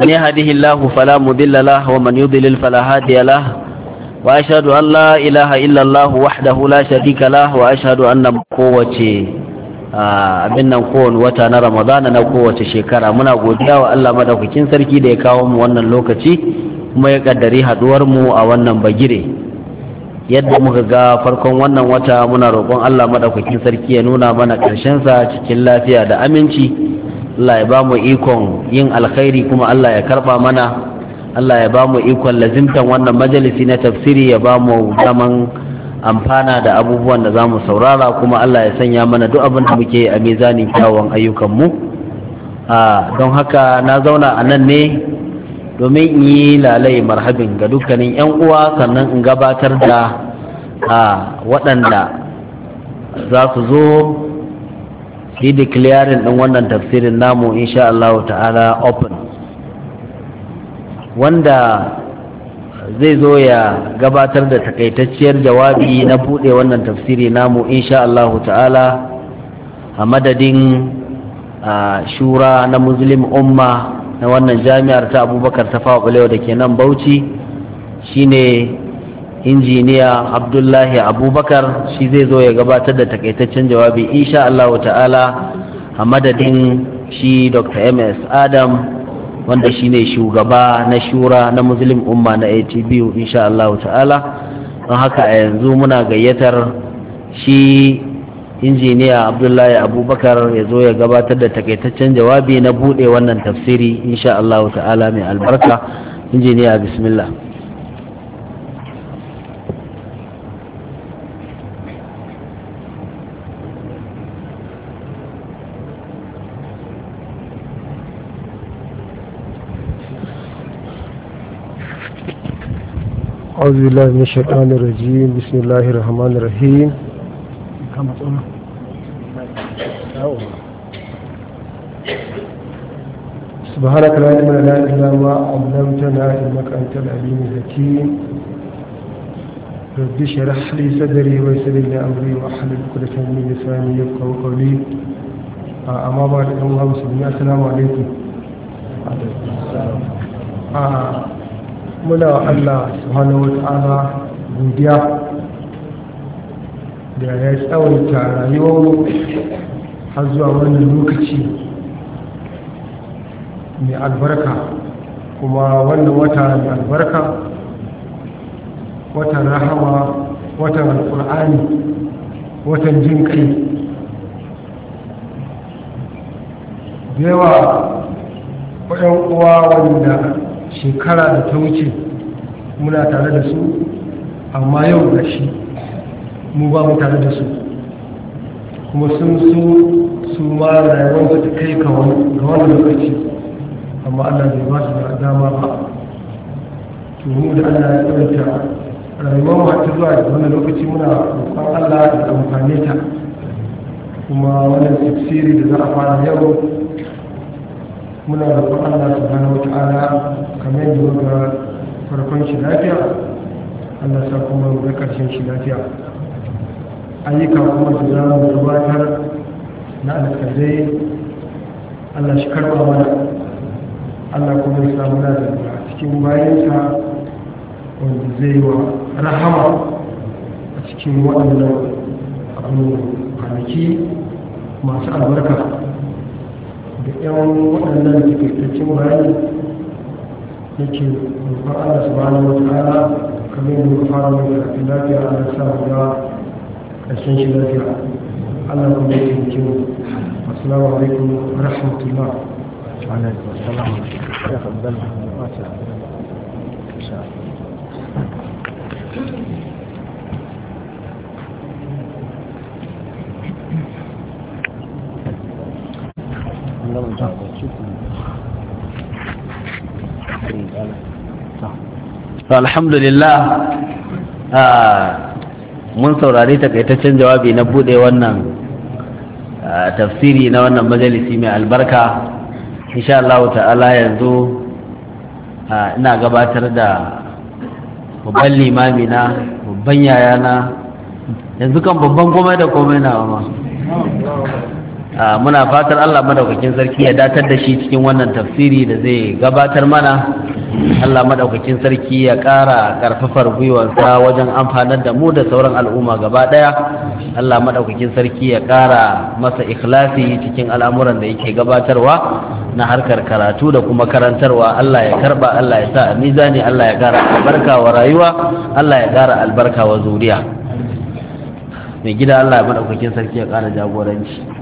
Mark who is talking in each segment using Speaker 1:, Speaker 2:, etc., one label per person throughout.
Speaker 1: من يهده الله فلا مضل له ومن يضلل فلا هادي له وأشهد أن لا إله إلا الله وحده لا شريك له وأشهد أن قوتي abin nan kowane wata na ramadana na kowace shekara muna godiya wa Allah madaukakin sarki da ya kawo mu wannan lokaci kuma ya kaddari haduwar mu a wannan bagire yadda muka ga farkon wannan wata muna roƙon Allah madaukakin sarki ya nuna mana ƙarshen sa cikin lafiya da aminci Allah ya ba mu ikon yin alkhairi kuma Allah ya karba mana Allah ya ba mu ikon lazimtan wannan majalisi na tafsiri ya ba mu zaman amfana da abubuwan da za mu saurara kuma Allah ya sanya mana duk abin da muke a mizanin kyawun ayyukanmu don haka na zauna a nan ne domin in yi lalai marhabin ga dukkanin 'yan uwa sannan in gabatar da waɗanda za su zo yi declaring ɗin wannan tafsirin namu insha Allah ta'ala open wanda zai zo ya gabatar da takaitacciyar jawabi na buɗe wannan tafsiri namu insha Allah ta'ala a madadin a shura na muslim umma na wannan jami'ar ta abubakar ta fawa da ke nan bauchi shine injiniya abdullahi abubakar shi zai zo ya gabatar da takaitaccen jawabi insha Allah ta'ala a madadin shi dr ms adam wanda shi ne shugaba na shura na muslim umma na atb insha Allah ta'ala don haka a yanzu muna gayyatar shi injiniya abdullahi abubakar ya zo ya gabatar da takaitaccen jawabi na buɗe wannan tafsiri insha Allah ta'ala mai albarka injiniya bismillah
Speaker 2: أعوذ بالله من الشيطان الرجيم بسم الله الرحمن الرحيم سبحانك لا علم لنا إلا ما علمتنا إنك أنت العليم الحكيم رب اشرح لي صدري ويسر لي أمري وأحلل عقدة من لساني يفقه قولي أما بعد اللهم المسلمين السلام عليكم. السلام. muna wa Allah subhanahu ta'ala godiya da ya tsawaita rayuwar har zuwa wannan lokaci mai albarka kuma wannan wata mai albarka watan rahama watan alkur'ani watan jin kai da yawa uwa wanda shekara da ta wuce muna tare da su amma yau da shi mu ba mu tare da su kuma sun su su ma rayuwar ta kai ga wani lokaci amma allah bai ba su da dama ba to mu da allah ya tsawanta rayuwar mata zuwa da wani lokaci muna roƙon allah da amfane ta kuma wani tafsiri da za a fara yau muna roƙon allah subhanahu wata ala kamar yadda muka farkon shi lafiya allah sa kuma muka karshen shi lafiya ayyuka kuma da za mu gabatar na alƙalai allah shi karɓa mana allah kuma ya samu na da cikin bayansa wanda zai wa rahama a cikin waɗannan abu kwanaki masu albarka da yawan waɗannan takaitaccen bayani yake roƙar Allah subhanahu wa ta'ala kamar yadda muka fara mai kafin lafiya Allah sa mu ga ƙarshen shi lafiya Allah kuma ya taimake mu assalamu alaikum wa rahmatullah wa alaikum assalam
Speaker 1: alhamdulillah mun saurari takaitaccen jawabi na bude wannan tafsiri na wannan majalisi mai albarka insha Allah ta'ala yanzu ina gabatar da babban limami na babban yaya na yanzu kan babban komai da komai na ma muna fatar Allah madaukakin sarki ya datar da shi cikin wannan tafsiri da zai gabatar mana Allah madaukakin sarki ya ƙara ƙarfafar gwiwarsa wajen amfanar da mu da sauran al'umma gaba ɗaya Allah madaukakin sarki ya ƙara masa ikhlasi cikin al'amuran da yake gabatarwa na harkar karatu da kuma karantarwa Allah ya karba Allah ya sa mizani Allah ya ƙara albarka wa rayuwa Allah ya ƙara albarka wa zuriya mai gida Allah madaukakin sarki ya ƙara jagoranci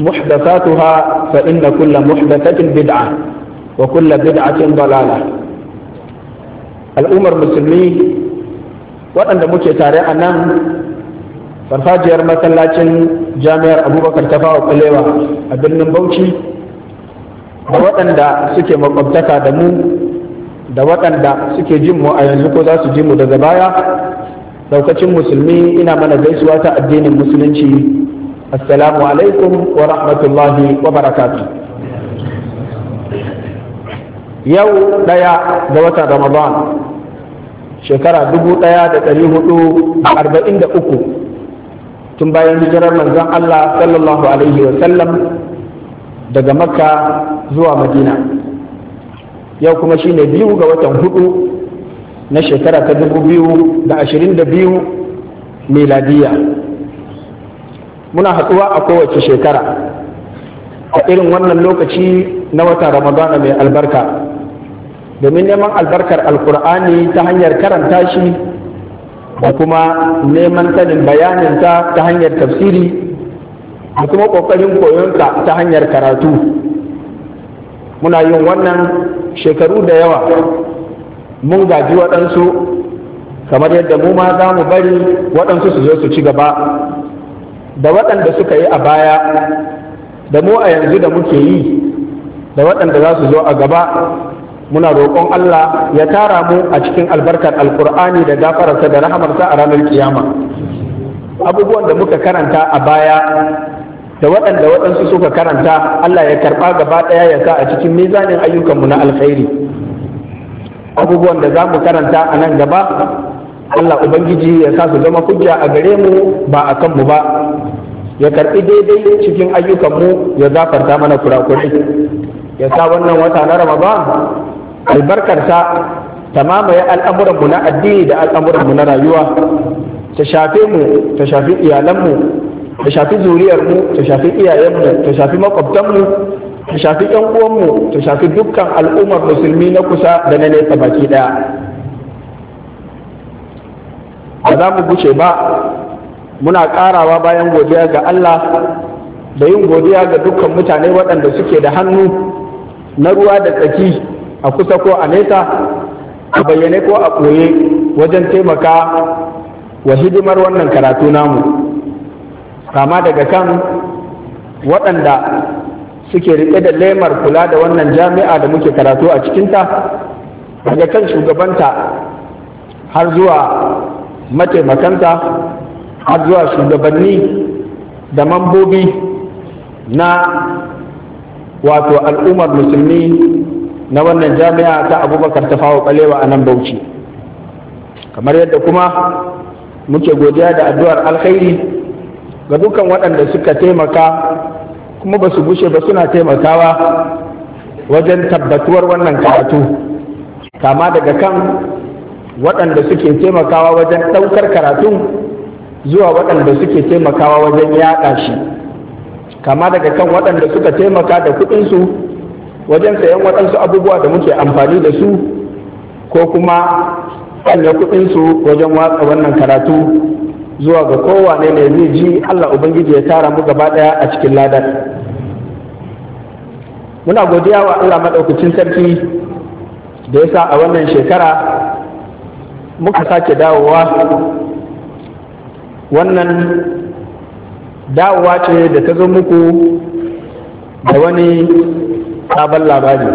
Speaker 3: محدثاتها فإن كل محدثة بدعة وكل بدعة ضلالة الأمر مسلمي وأن موتي تاري أنا فرفاجي أرمت جامع أبو بكر تفاو قليوة أبن نبوشي وأن دا سكي مقبتكا دمو da waɗanda suke jin mu a yanzu ko za su ji mu daga baya daukacin musulmi ina mana gaisuwa ta addinin musulunci assalamu alaikum wa rahmatullahi wa barakatu yau ɗaya ga watan ramadan shekara dubu ɗaya da ɗari hudu arba'in da uku tun bayan hijirar manzon Allah sallallahu alaihi wa sallam daga makka zuwa madina yau kuma shine biyu ga watan hudu na shekara ta dubu biyu da ashirin da biyu miladiya muna haɗuwa a kowace shekara a irin wannan lokaci na watan ramadana mai albarka domin neman albarkar alkur'ani ta hanyar karanta shi da kuma neman sanin bayaninta ta hanyar tafsiri da kuma ƙoƙarin koyonka ta hanyar karatu muna yin wannan shekaru da yawa mun gaji waɗansu kamar yadda mu ma za mu bari waɗansu su zo su ci gaba da waɗanda suka yi a baya da mu a yanzu da muke yi da waɗanda za su zo a gaba muna roƙon Allah ya tara mu a cikin albarkar alkur'ani da gafararsa da rahamarsa a ranar kiyama abubuwan da muka karanta a baya da waɗanda waɗansu suka karanta Allah ya karɓa gaba ɗaya ya sa a cikin mizanin ayyukanmu na alkhairi abubuwan da za mu karanta a nan gaba Allah Ubangiji ya sa su zama hujja a gare mu ba a kanmu ba ya karɓi daidai cikin ayyukanmu ya zafarta mana kurakurai ya sa wannan wata na Ramadan albarkarsa ta mamaye al'amuranmu na addini da al'amuranmu na rayuwa ta shafe mu ta shafi iyalanmu ta shafi zuriyarmu ta shafi iyayenmu ta shafi makwabtanmu ta shafi 'yan uwanmu ta shafi dukkan al'ummar musulmi na kusa da na nesa baki ɗaya ba za mu guce ba muna ƙarawa bayan godiya ga Allah da yin godiya ga dukkan mutane waɗanda suke da hannu na ruwa da tsaki a kusa ko a nesa a bayyane ko a ɓoye wajen taimaka wa hidimar wannan karatu namu kama daga kan waɗanda suke riƙe da lemar kula da wannan jami'a da muke karatu a cikinta daga kan shugabanta har zuwa mataimakansa har zuwa shugabanni da mambobi na wato al'ummar musulmi na wannan jami'a ta abubakar ta fawo balewa a nan bauchi kamar yadda kuma muke godiya da addu'ar alkhairi ga dukan waɗanda suka taimaka kuma ba su gushe ba suna taimakawa wajen tabbatuwar wannan karatu kama daga kan waɗanda suke taimakawa wajen ɗaukar karatun zuwa waɗanda suke taimakawa wajen yaɗa shi kama daga kan waɗanda suka taimaka da kuɗinsu wajen sayan waɗansu abubuwa da muke amfani da su ko kuma sanya kuɗinsu wajen watsa wannan karatu zuwa ga kowane ne zai ji Allah Ubangiji ya tara mu gaba ɗaya a cikin ladar. Muna godiya wa Allah maɗaukacin sarki da ya sa a wannan shekara muka sake dawowa wannan dawowa ce da ta zo muku da wani sabon labari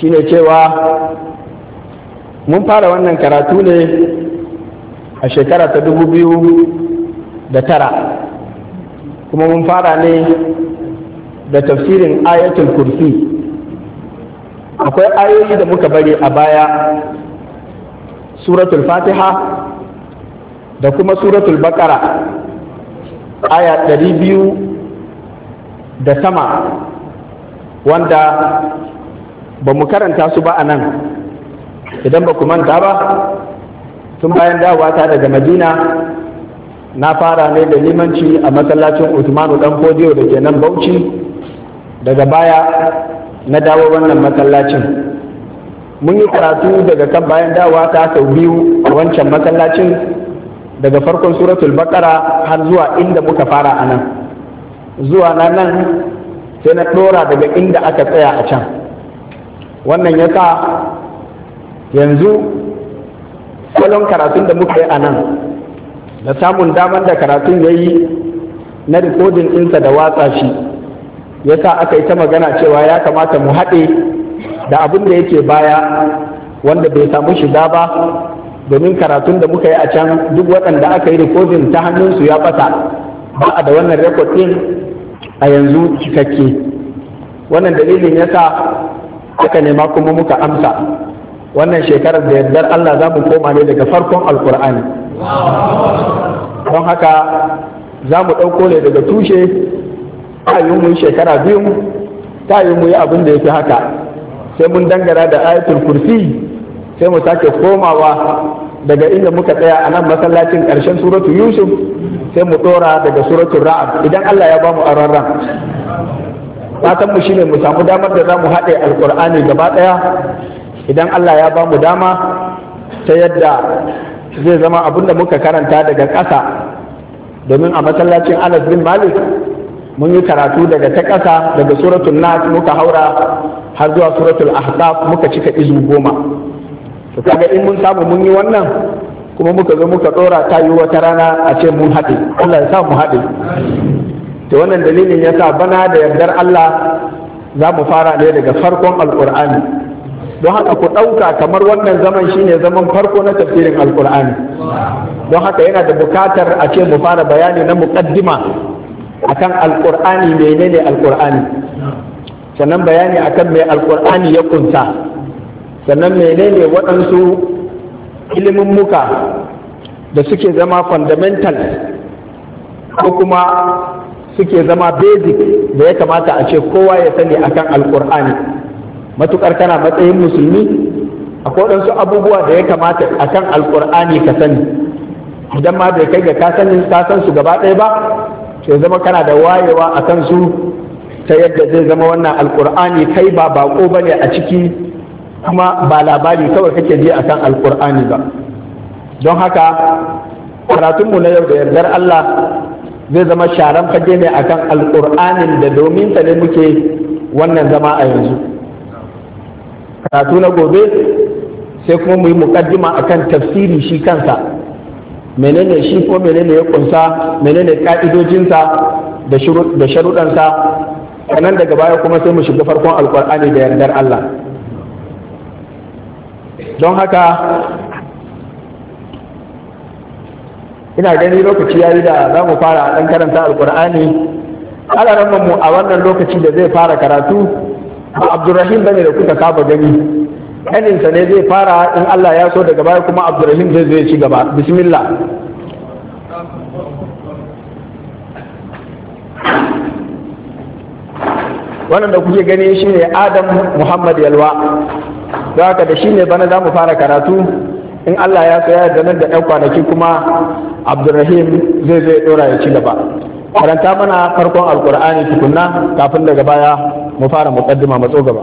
Speaker 3: shine cewa mun fara wannan karatu ne a shekara ta dubu biyu da tara kuma mun fara ne da tafsirin ayatul kursi akwai ayoyi da muka bari a baya suratul fatiha da kuma suratul bakara aya ɗari biyu da sama wanda ba mu karanta su ba a nan idan ba ku manta ba tun bayan dawata daga madina na fara ne da limanci a masallacin usmanu dan fodiyo da ke nan bauchi daga baya na dawo wannan masallacin mun yi karatu daga kan bayan dawa ta sau biyu a wancan masallacin daga farkon suratul bakara har zuwa inda muka fara a nan zuwa na nan sai na ɗora daga inda aka tsaya a can wannan ya sa yanzu salon karatun da muka yi a nan da samun damar da karatun ya yi na rikodin insa da watsa shi ya sa aka yi ta magana cewa ya kamata mu haɗe da abin da yake baya wanda bai samu shiga ba domin karatun da muka yi a can duk waɗanda aka yi rikodin ta hannunsu ya ɓata ba a da wannan rekod ɗin a yanzu cikakke wannan dalilin ya sa aka nema kuma muka amsa wannan shekarar da yardar Allah za mu koma ne daga farkon alkur'ani don haka za mu ɗauko ne daga tushe ta yi mu shekara biyu ta yi mu yi abin da ya fi haka sai mun dangara da ayatul kursi sai mu sake komawa daga inda muka tsaya a nan masallacin ƙarshen suratu yusuf sai mu ɗora daga suratul ra'ad idan allah ya bamu a ran fatan mu shine mu samu damar da zamu mu haɗe alkur'ani gaba ɗaya idan allah ya bamu dama ta yadda zai zama abin da muka karanta daga ƙasa domin a masallacin anas bin malik mun yi karatu daga ta ƙasa daga suratun nas muka haura har zuwa suratul ahqaf muka cika izu goma to kaga in mun samu mun yi wannan kuma muka zo muka dora ta yi wata rana a ce mun haɗe Allah ya sa mu haɗe to wannan dalilin ya sa bana da yardar Allah za mu fara ne daga farkon alkur'ani don haka ku ɗauka kamar wannan zaman shine zaman farko na tafsirin alkur'ani don haka yana da bukatar a ce mu fara bayani na muƙaddima akan alkur'ani menene alkur'ani sannan bayani akan mai alkur'ani ya kunta sannan menene waɗansu ilimin muka da suke zama fundamental ko kuma suke zama basic da ya kamata a ce kowa ya sani akan alkur'ani matukar kana matsayin musulmi akwai waɗansu abubuwa da ya kamata akan alkur'ani ka sani idan ma bai kai ga kasan ka su gaba ɗaya ba sai zama kana da wayewa akan su ta yadda zai zama wannan alkur'ani kai ba bako ba ne a ciki kuma ba labari kawai kake ji kan alkur'ani ba don haka karatunmu na yau da yardar Allah zai zama sharan fage ne akan alkur'anin da domin ta ne muke wannan zama a yanzu karatu na gobe sai kuma mu yi mukaddima kan tafsiri shi kansa menene shi ko menene ya kunsa menene ka'idojinsa da sharuɗansa sannan daga baya kuma sai mu shiga farkon alkur'ani da yardar Allah don haka ina gani lokaci ya yi da za mu fara ɗan karanta alkur'ani alaran mu a wannan lokaci da zai fara karatu ba abdurrahim bane da kuka saba gani ɗaninsa ne zai fara in allah ya so daga baya kuma abdurrahim zai zo ya ci gaba bismillah wannan da kuke gani shine adam muhammad yalwa Da haka da shine bana za mu fara karatu in allah ya saya da nan da ɗan kwanaki kuma abdulrahim zai zai ɗora ya ci gaba karanta mana farkon alkur'ani tukunna kafin daga baya mu fara muƙaddima matso gaba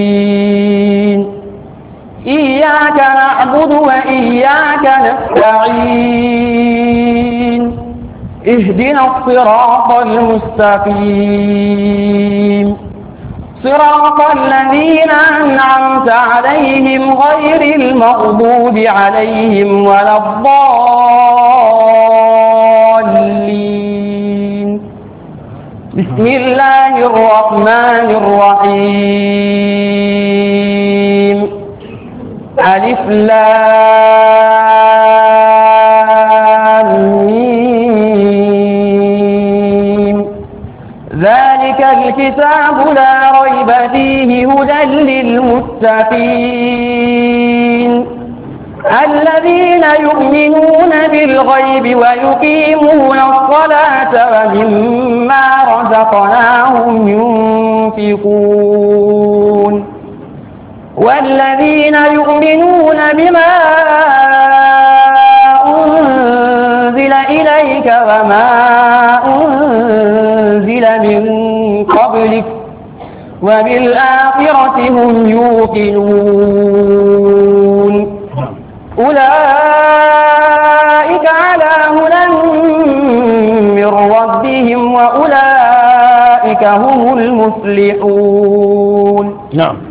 Speaker 4: إياك نعبد وإياك نستعين اهدنا الصراط المستقيم صراط الذين أنعمت عليهم غير المغضوب عليهم ولا الضالين بسم الله الرحمن الرحيم ألف لام ذلك الكتاب لا ريب فيه هدى للمتقين الذين يؤمنون بالغيب ويقيمون الصلاة ومما رزقناهم ينفقون والذين يؤمنون بما أنزل إليك وما أنزل من قبلك وبالآخرة هم يوقنون أولئك على هدى من ربهم وأولئك هم المفلحون نعم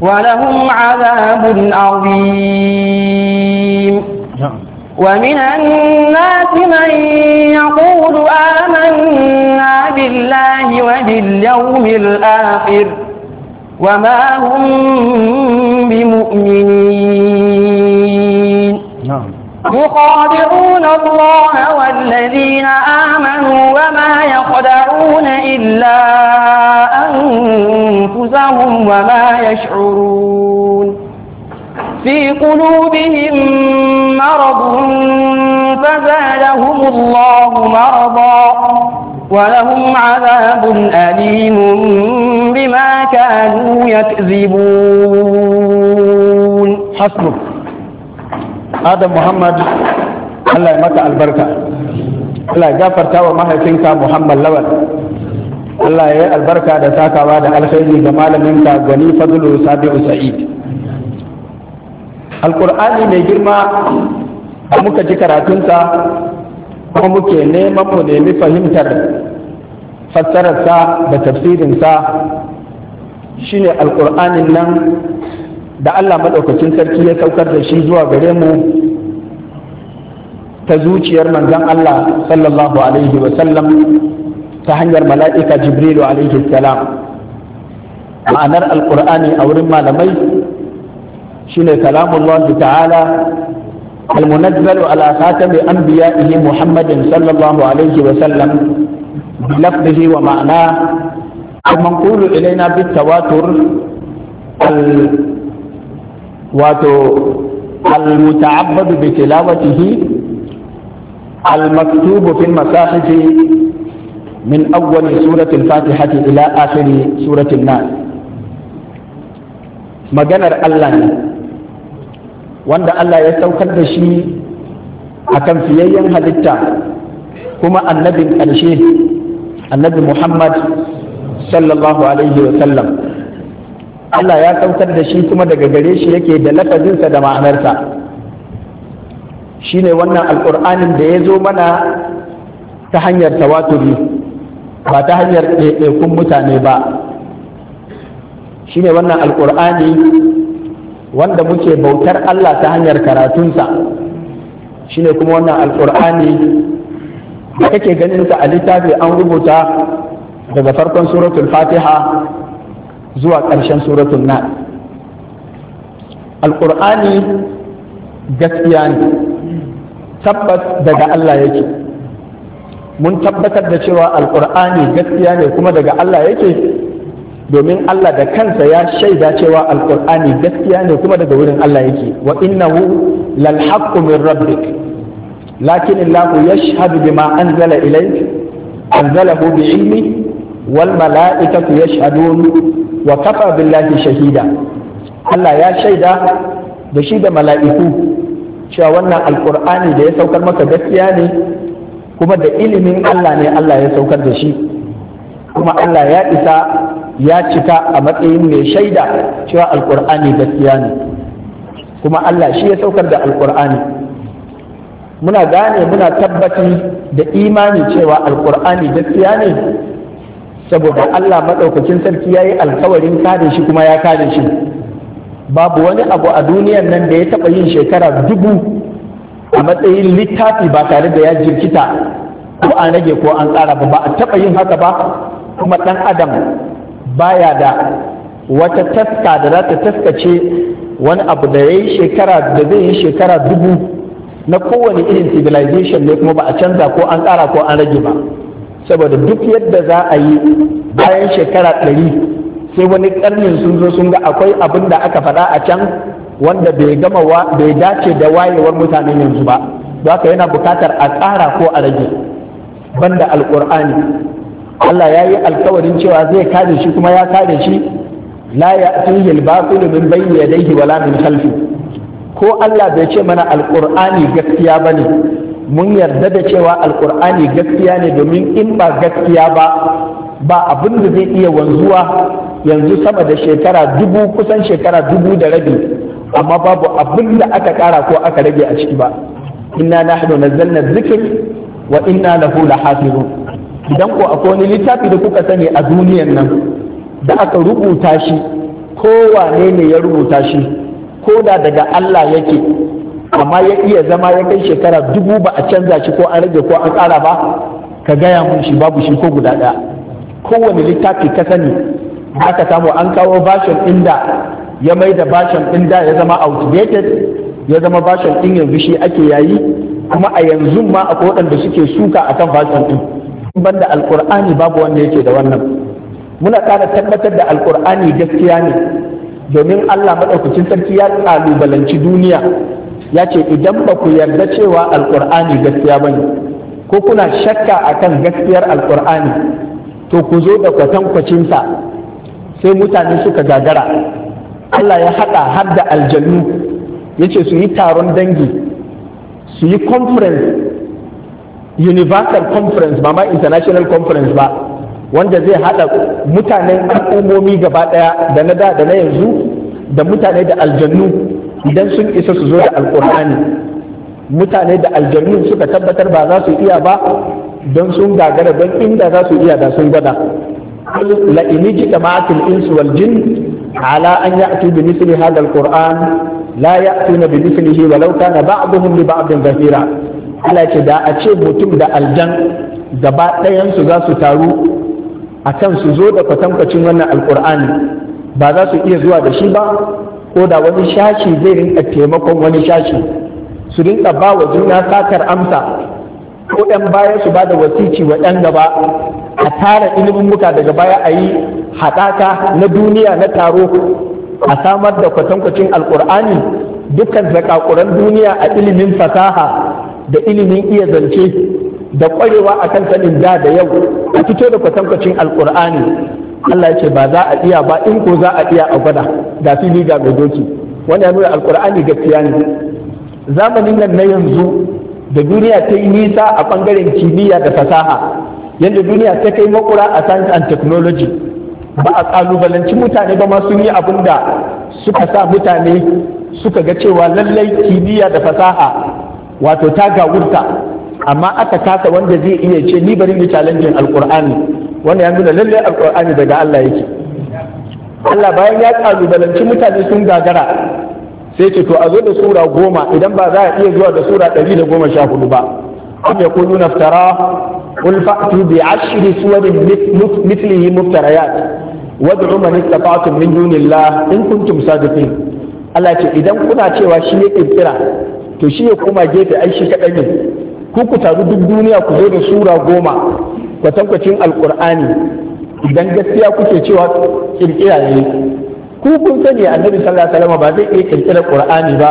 Speaker 4: ولهم عذاب عظيم نعم. ومن الناس من يقول آمنا بالله وباليوم الآخر وما هم بمؤمنين نعم. يخادعون الله والذين آمنوا وما يخدعون إلا أنفسهم رؤوسهم وما يشعرون في قلوبهم مرض فزادهم الله مرضا ولهم عذاب أليم بما كانوا
Speaker 3: يكذبون حسبك هذا محمد الله يمتع البركة Allah ya gafarta wa mahaifinka محمد Lawal Allah ya yi albarka da sakawa da alkhairi ga malaminka gani fadlu sabi'u sa'id Alƙur'ani mai girma da muka ji karatunsa kuma muke neman mu nemi fahimtar fassararsa da tafsirinsa shine alkur'anin nan da Allah maɗaukacin sarki ya saukar da shi zuwa gare mu ta zuciyar manzon Allah sallallahu alaihi wasallam ta جبريل عليه السلام alaihi salam القرآن أو a wurin شنو كلام الله تعالى المنزل على خاتم أنبيائه محمد صلى الله عليه وسلم بلفظه ومعناه المنقول إلينا بالتواتر ال... واتو المتعبد بتلاوته المكتوب في المصاحف من أول سورة الفاتحة إلى آخر سورة الناس maganar Allah ne wanda Allah ya saukar da shi a kan halitta kuma annabin ƙarshe annabi Muhammad sallallahu Allah ya saukar da shi kuma daga gare shi yake da lafazinsa da ma'anarsa shi ne wannan alƙur'anin da ya zo mana ta hanyar tawaturi ba ta hanyar ɗaiɗaikun mutane ba Shi ne wannan Alƙur'ani wanda muke bautar Allah ta hanyar karatunsa Shi ne kuma wannan Alƙur'ani da kake ganin sa a littafi an rubuta daga farkon suratul fatiha zuwa ƙarshen suratul na Alƙur'ani gaskiya ne tabbas daga Allah yake mun tabbatar da cewa alkur'ani gaskiya ne kuma daga Allah yake domin Allah da kansa ya shaida cewa alkur'ani gaskiya ne kuma daga wurin Allah yake wa innahu lal haqqu min rabbik lakin Allah yashhadu bima anzala ilayk anzalahu bi ilmi wal mala'ikatu yashhadun wa kafa billahi shahida Allah ya shaida da shi da mala'iku cewa wannan alkur'ani da ya saukar maka gaskiya ne kuma da ilimin Allah ne Allah ya saukar da shi kuma Allah ya isa ya cika a matsayin mai shaida cewa alkur'ani gaskiya ne kuma Allah shi ya saukar da alkur'ani muna gane muna tabbaci da imani cewa alkur'ani gaskiya ne saboda Allah maɗaukacin sarki ya yi alkawarin kare shi kuma ya kare shi babu wani abu a duniyan nan da ya taɓa yin shekara dubu a matsayin littafi ba tare da ya jirkita ko an rage ko an tsara ba ba a taɓa yin haka ba kuma ɗan adam baya da wata taska da za ta taskace wani abu da ya yi shekara da zai yi shekara dubu na kowane irin civilization ne kuma ba a canza ko an ƙara ko an rage ba saboda duk yadda za a yi bayan shekara ɗari sai wani ƙarnin sun zo sun ga akwai abin da aka faɗa a can wanda bai gama bai dace da wayewar mutanen yanzu ba don haka yana bukatar a ƙara ko a rage banda alƙur'ani Allah ya yi alkawarin cewa zai kare shi kuma ya kare shi la ya'tihi al-batil min bayni yadayhi wala min khalfi ko Allah bai ce mana alƙur'ani gaskiya bane mun yarda da cewa alƙur'ani gaskiya ne domin in ba gaskiya ba ba abin da zai iya wanzuwa yanzu sama da shekara dubu kusan shekara dubu da rabi amma babu abin da aka kara ko aka rage a ciki ba inna nahnu nazzalna dhikr wa inna lahu lahafizun idan ko akwai wani littafi da kuka sani a duniyar nan da aka rubuta shi kowane ne ya rubuta shi ko da daga Allah yake amma ya iya zama ya kai shekara dubu ba a canza shi ko an rage ko an kara ba ka gaya mun shi babu shi ko guda ɗaya kowane littafi ka sani aka samu an kawo bashin inda ya mai da bashin ɗin da ya zama outdated ya zama bashin ɗin yanzu shi ake yayi kuma a yanzu ma akwai waɗanda suke suka akan bashin ɗin banda alkur'ani babu wanda yake da wannan muna kara tabbatar da alkur'ani gaskiya ne domin Allah maɗaukacin sarki ya ƙalubalanci duniya ya ce idan ba ku yarda cewa alkur'ani gaskiya ba ne ko kuna shakka akan gaskiyar alkur'ani to ku zo da kwatankwacinsa sai mutane suka gagara Allah ya haɗa har da aljannu ya ce su yi taron dangi su yi conference universal conference ba ma international conference ba wanda zai haɗa mutanen al'ummomi gaba ɗaya da na da da na yanzu da mutane da aljannu idan sun isa su zo da alƙur'ani mutane da aljannu suka tabbatar ba za su iya ba don sun gagara don inda za su iya da sun gwada la iniji jama'atul insu waljin. jin ala an ya'tu bi mithli hadha al qur'an la ya'tuna bi mithlihi walau kana ba'dhum li ba'din zahira Allah ce da a ce mutum da aljan gaba ɗayan za su taru akan su zo da kwatankwacin wannan alqur'ani ba za su iya zuwa da shi ba ko da wani shashi zai rinka taimakon wani shashi su rinka ba wa juna sakar amsa ko ɗan baya su ba da wasici wa ɗan gaba a tara ilimin muka daga baya a yi haɗaka na duniya na taro a samar da kwatankwacin alkur'ani dukkan zakakuran duniya a ilimin fasaha da ilimin iya zance da ƙwarewa a kan sanin da da yau a fito da kwatankwacin alkur'ani Allah ya ce ba za a iya ba in ko za a iya a gwada da fili ga mai doki wanda ya nuna alkur'ani gaskiya ne zamanin nan na yanzu da duniya ta yi nisa a ɓangaren kimiyya da fasaha yadda duniya ta kai makura a science and technology ba a ƙalubalanci mutane ba ma sun yi abin da suka sa mutane suka ga cewa lallai kimiyya da fasaha wato ta gawurta amma aka kasa wanda zai iya ce ni bari mu challenge alqur'ani wanda ya nuna lallai alqur'ani daga Allah yake Allah bayan ya ƙalubalanci mutane sun gagara sai ce to a zo da sura goma idan ba za a iya zuwa da sura ɗari da goma sha hudu ba am ya kulu naftara qul fa'tu bi ashri suwarin mithlihi muftarayat wad'u man istata'tum min dunillah in kuntum sadiqin Allah ce idan kuna cewa shi ya kirkira to shi ya kuma gefe ai shi kadai ne ku ku taru duk duniya ku zo da sura goma kwatankwacin alqur'ani idan gaskiya kuke cewa kirkira ne ku kun sani annabi sallallahu alaihi wasallam ba zai iya kirkira qur'ani ba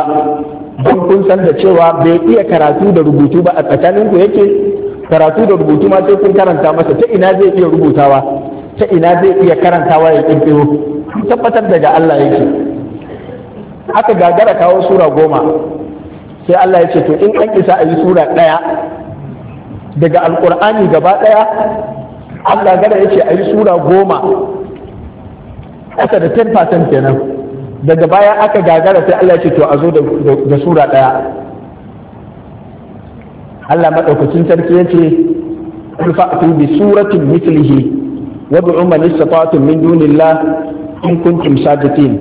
Speaker 3: don kun san da cewa bai iya karatu da rubutu ba a tsakanin ku yake karatu da rubutu ma sai kun karanta masa ta ina zai iya rubutawa ta ina zai iya karantawa ya kirkiro kun tabbatar daga Allah yake aka gagara kawo sura goma sai Allah ya ce to in an isa a yi sura ɗaya daga alqur'ani gaba ɗaya Allah gara ya ce a yi sura goma ƙasa da 10% kenan daga baya aka gagara sai Allah ce to a zo da sura ɗaya Allah maɗaukacin sarki ya ce fa'tu bi suratin mislihi wa bi umman istata'tum min dunillah in kuntum sadiqin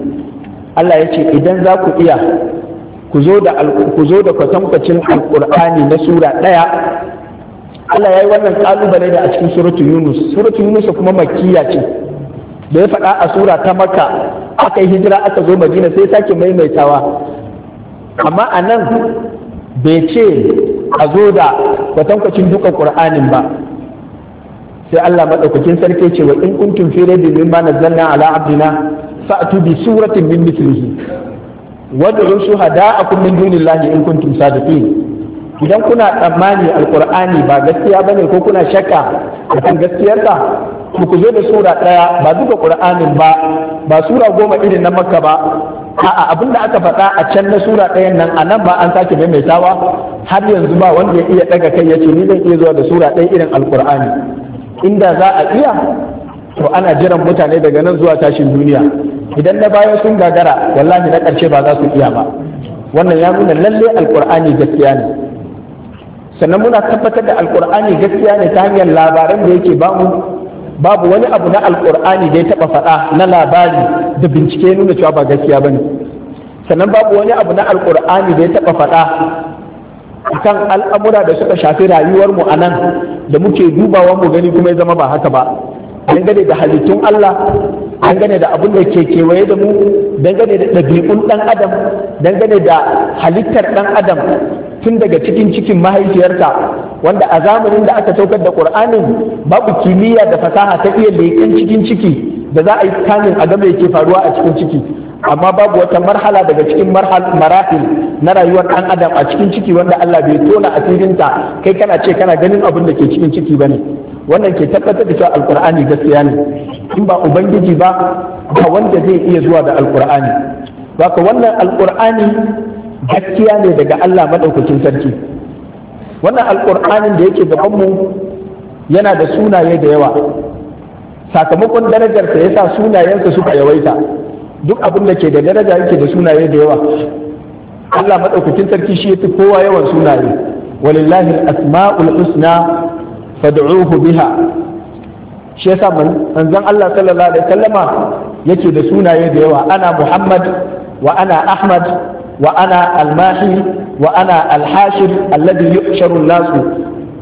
Speaker 3: Allah ya ce idan za ku iya ku zo da ku zo da kwatankwacin alqur'ani na sura ɗaya Allah ya yi wannan kalubale da a cikin suratul yunus suratul yunus kuma makkiya ce da ya faɗa a sura ta maka aka yi hijira aka zo madina sai sake maimaitawa amma a nan bai ce a zo da kwatankwacin duka ƙur'anin ba sai Allah maɗaukakin sarki ce wa in kuntum fi raibin mimma nazzalna ala abdina fa'tu bi suratin min mithlihi wad'u shuhada'akum min dunillahi in kuntum sadiqin idan kuna tsammani alkur'ani ba gaskiya bane ko kuna shakka akan gaskiyarsa to ku zo da sura daya ba duka qur'anin ba ba sura goma irin na makka ba a'a abin da aka faɗa a can na sura ɗayan nan a nan ba an sake maimaitawa har yanzu ba wanda ya iya ɗaga kai ya ce ni zan iya zuwa da sura ɗaya irin alkur'ani inda za a iya to ana jiran mutane daga nan zuwa tashin duniya idan na baya sun gagara wallahi na ƙarshe ba za su iya ba wannan ya nuna lalle alkur'ani gaskiya ne sannan muna tabbatar da alkur'ani gaskiya ne ta hanyar labaran da yake ba mu. babu wani abu na alkur'ani da ya taba faɗa na labari da bincike nuna cewa ba gaskiya bane sannan babu wani abu na alkur'ani da ya taba faɗa kan al'amura da suka shafi rayuwar mu anan da muke dubawa mu gani kuma ya zama ba haka ba dangane da halittun Allah dangane da abin da ke kewaye da mu dangane da ɗabi'un ɗan adam dangane da halittar ɗan adam tun daga cikin cikin mahaifiyarta wanda a zamanin da aka saukar da qur'anin babu kimiyya da fasaha ta iya leƙen cikin ciki da za a yi kanin a game yake faruwa a cikin ciki amma babu wata marhala daga cikin marahil na rayuwar ɗan adam a cikin ciki wanda Allah bai tona ta kai kana ce kana ganin abin da ke cikin ciki ba ne. wannan ke tabbatar da cewa alƙur'ani gaskiya ne in ba ubangiji ba ba wanda zai iya zuwa da ba baka wannan alƙur'ani. gaskiya ne daga Allah maɗaukakin sarki wannan alƙur'anin da yake gabanmu yana da sunaye da yawa sakamakon darajarsa ya sa sunayensa suka yawaita duk abin da ke da daraja yake da sunaye da yawa Allah maɗaukakin sarki shi ya fi kowa yawan sunaye walillahi asma'ul husna fad'uhu biha shi yasa manzon Allah sallallahu alaihi wasallama yake da sunaye da yawa ana Muhammad wa ana Ahmad وأنا الماحي وأنا الحاشر الذي يحشر wara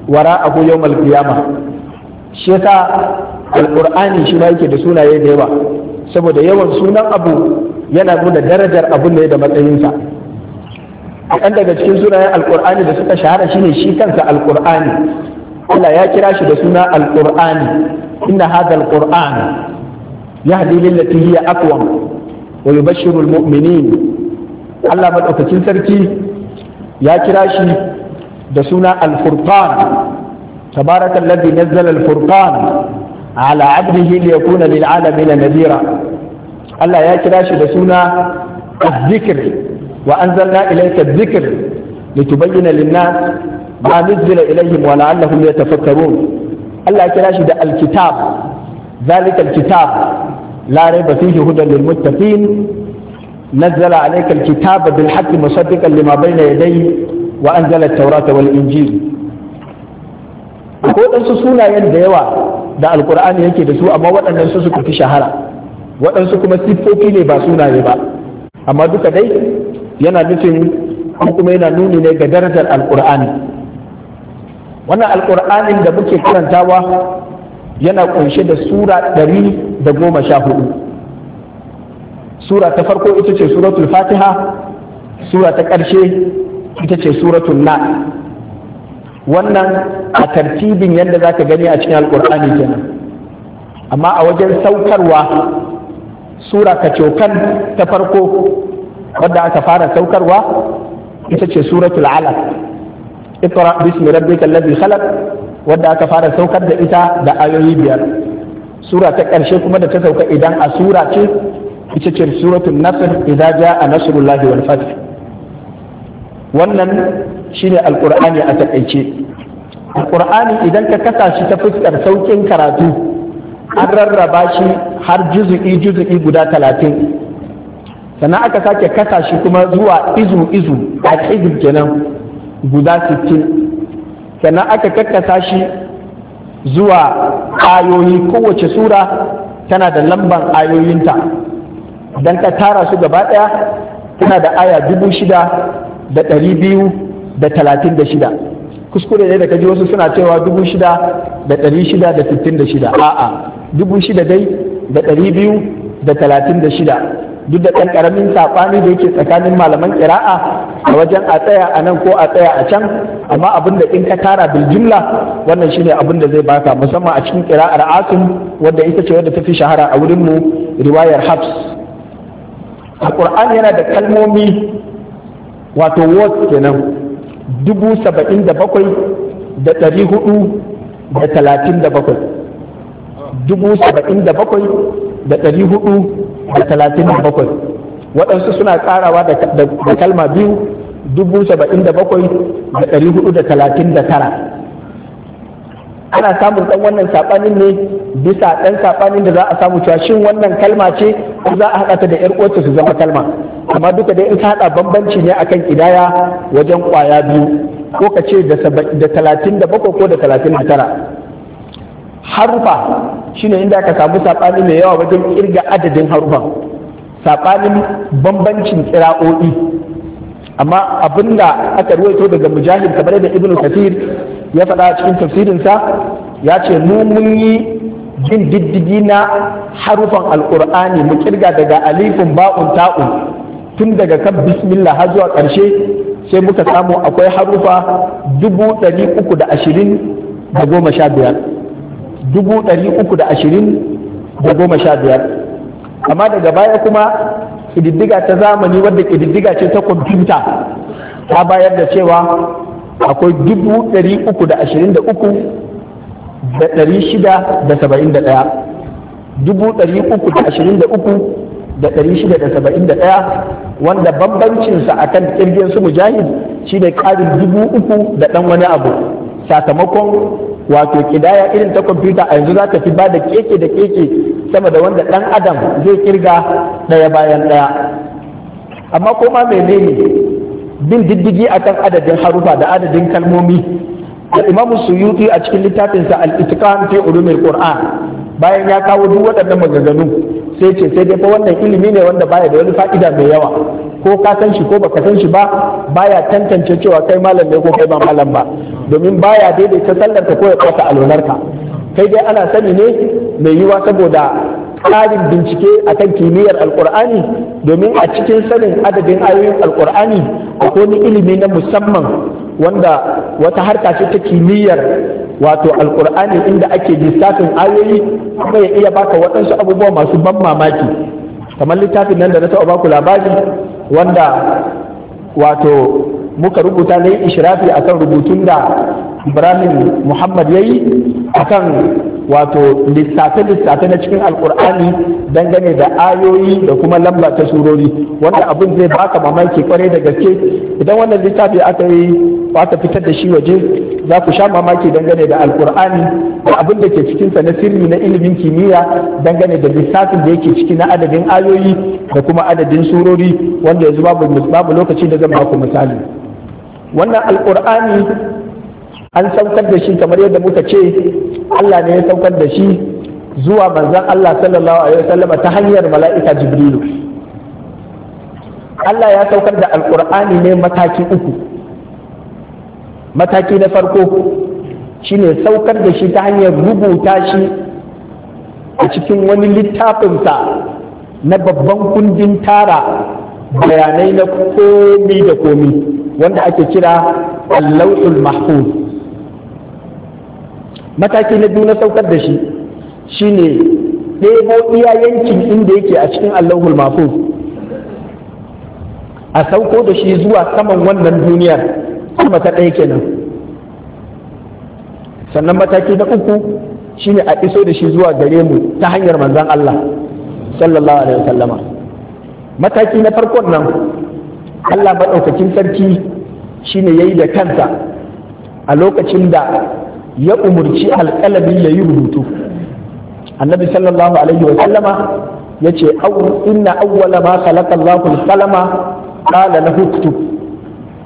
Speaker 3: وراءه يوم القيامة شيسا القرآن شما yake da sunaye da yawa saboda yawan sunan abu yana nuna darajar abun ne da matsayinsa ɗan daga cikin sunayen alkur'ani da suka shahara shine shi kansa alkur'ani Allah ya kira shi da suna alkur'ani inna hadha alqur'an yahdi lillati a aqwam wa yubashshiru almu'minin Allah maɗaukacin sarki ya kira shi da suna al-furqan tabaraka alladhi nazzala al-furqan ala 'abdihi liyakuna lil 'alamin nadira Allah ya kira shi da suna az-zikr wa anzalna ilayka adh-dhikr litubayyana lin-nas ma nuzila ilayhim wa la'allahum yatafakkarun Allah ya kira shi da al-kitab Larai الكتاب لا ريب فيه نزل عليك الكتاب بالحق مصدقا لما بين يديه وأنزل التوراة والإنجيل Ko ɗansu sunayen da yawa da alkur'ani yake da su amma waɗannan su suka fi shahara waɗansu kuma siffofi ne ba sunaye ba amma duka dai yana nufin kuma yana nuni ne ga darajar alkur'ani wannan alkur'anin da muke karantawa yana kunshe da sura ɗari da goma sha hudu sura ta farko ita ce suratul fatiha sura ta ƙarshe ita ce suratul na wannan a tartibin yadda za ka gani a cikin alkur'ani kenan amma a wajen saukarwa sura kacokan ta farko wadda aka fara saukarwa ita ce suratul alaq اقرا باسم ربك الذي خلق wadda aka fara saukar da ita da ayoyi biyar sura ta ƙarshe kuma da ta sauka idan a sura ce ita ce suratul nasr idza jaa nasrullahi wal fath wannan shine alqur'ani a takaice alqur'ani idan ka kasa shi ta fuskar saukin karatu an rarraba shi har juzu'i juzu'i guda talatin sannan aka sake kasa shi kuma zuwa izu izu a cikin kenan guda sittin sannan aka kakkasa shi zuwa ayoyi kowace sura tana da lamban ayoyinta dan ka tara su gaba ɗaya tana da aya dubu shida da ɗari biyu da talatin da shida kuskure ne da kaji wasu suna cewa dubu shida da ɗari shida da sittin da shida a'a dubu shida dai da ɗari biyu da talatin da shida duk da ɗan ƙaramin saɓani da yake tsakanin malaman ƙira'a a wajen a tsaya a nan ko a tsaya a can amma abin da in ka tara bil jumla wannan shine abin da zai baka musamman a cikin ƙira'ar asim wadda ita ce wadda ta fi shahara a wurinmu riwayar habs alƙur'an yana da kalmomi wato words kenan dubu saba'in da bakwai da ɗari hudu da talatin da bakwai dubu saba'in da bakwai da ɗari hudu da talatin da bakwai waɗansu suna ƙarawa da kalma biyu dubu saba'in da bakwai da ɗari hudu da talatin da tara ana samun dan wannan sabanin ne bisa dan sabanin da za a samu cewa shin wannan kalma ce ko za a haɗa ta da yar uwarta su zama kalma amma duka dai in ka haɗa bambanci ne akan kidaya wajen kwaya biyu ko ka ce da talatin da bakwai ko da talatin da tara harufa shine inda aka samu saɓani mai yawa wajen kirga adadin harufan saɓanin bambancin kira'o'i amma abinda aka ruwaito daga mujahid kamar da ibnu kafir ya faɗa cikin tafsirinsa ya ce mu mun yi jin diddigi na harufan alƙur'ani mu kirga daga alifin ba'un ta'un tun daga kan bismillah har zuwa ƙarshe sai muka samu akwai harufa dubu ɗari uku da ashirin da goma sha biyar dubu ɗari uku da ashirin da goma sha biyar amma daga baya kuma ƙididdiga ta zamani wadda ƙididdiga ce ta kwamfuta ta bayar da cewa akwai dubu ɗari uku da ashirin da uku da ɗari shida da saba'in da ɗaya dubu ɗari uku da ashirin da uku da ɗari shida da saba'in da ɗaya wanda bambancinsa akan ƙirgin su mujahid shi ne ƙarin dubu uku da ɗan wani abu sakamakon wato kidaya irin ta kwamfuta a yanzu za ta fi ba da keke da keke sama da wanda ɗan adam zai kirga ɗaya bayan ɗaya amma kuma menene bin diddigi akan adadin harufa da adadin kalmomi imam suyuti a cikin littafinsa al-itqan fi ulumil qur'an bayan ya kawo duk waɗannan maganganu sai ce sai dai fa wannan ilimi ne wanda baya da wani fa'ida mai yawa ko ka san shi ko baka san shi ba baya tantance cewa kai malam ne ko kai ba malam ba domin baya daidaita sallarka ko ya ɓata alwalarka kai dai ana sani ne mai yiwa saboda tsarin bincike a kan kimiyyar alkur'ani domin a cikin sanin adadin ayoyin alkur'ani akwai wani ilimi na musamman wanda wata harka ce ta kimiyyar wato alkur'ani inda ake lissafin ayoyi kuma ya iya baka waɗansu abubuwa masu ban mamaki kamar littafin nan da na taɓa baku labari wanda wato muka rubuta na yi ishirafi kan rubutun da ibrahim muhammad ya yi akan wato lissafe-lissafe na cikin alkur'ani dangane da ayoyi da kuma lamba ta surori wanda abin zai baka mamaki kwarai da gaske idan wannan littafi aka yi aka fitar da shi waje za ku sha mamaki dangane da alkur'ani da abin da ke cikinsa na sirri na ilimin kimiyya dangane da lissafin da yake ciki na adadin ayoyi da kuma adadin surori wanda yanzu babu lokaci da zan baku misali. wannan alkur'ani an saukar da shi kamar yadda muka ce Allah ne ya saukar da shi zuwa manzon Allah sallallahu alaihi wasallam ta hanyar mala'ika Jibrilu Allah ya saukar da alkur'ani ne mataki uku mataki na farko shine saukar da shi ta hanyar rubuta shi a cikin wani littafinsa na babban kundin tara bayanai na komi da komi wanda ake kira allau'ul mahfuz mataki na biyu na saukar da shi shine ɗebo iya yankin inda yake a cikin allahul mahfuz a sauko da shi zuwa saman wannan duniyar kuma ta ɗaya kenan sannan mataki na uku shine a iso da shi zuwa gare mu ta hanyar manzan Allah sallallahu alaihi wasallama mataki na farkon nan Allah maɗaukakin sarki shine ya yi da kansa a lokacin da ya umurci alƙalami ya yi rubutu annabi sallallahu alaihi wa sallama ya ce inna awwala ma khalaqa Allahu al-qalama qala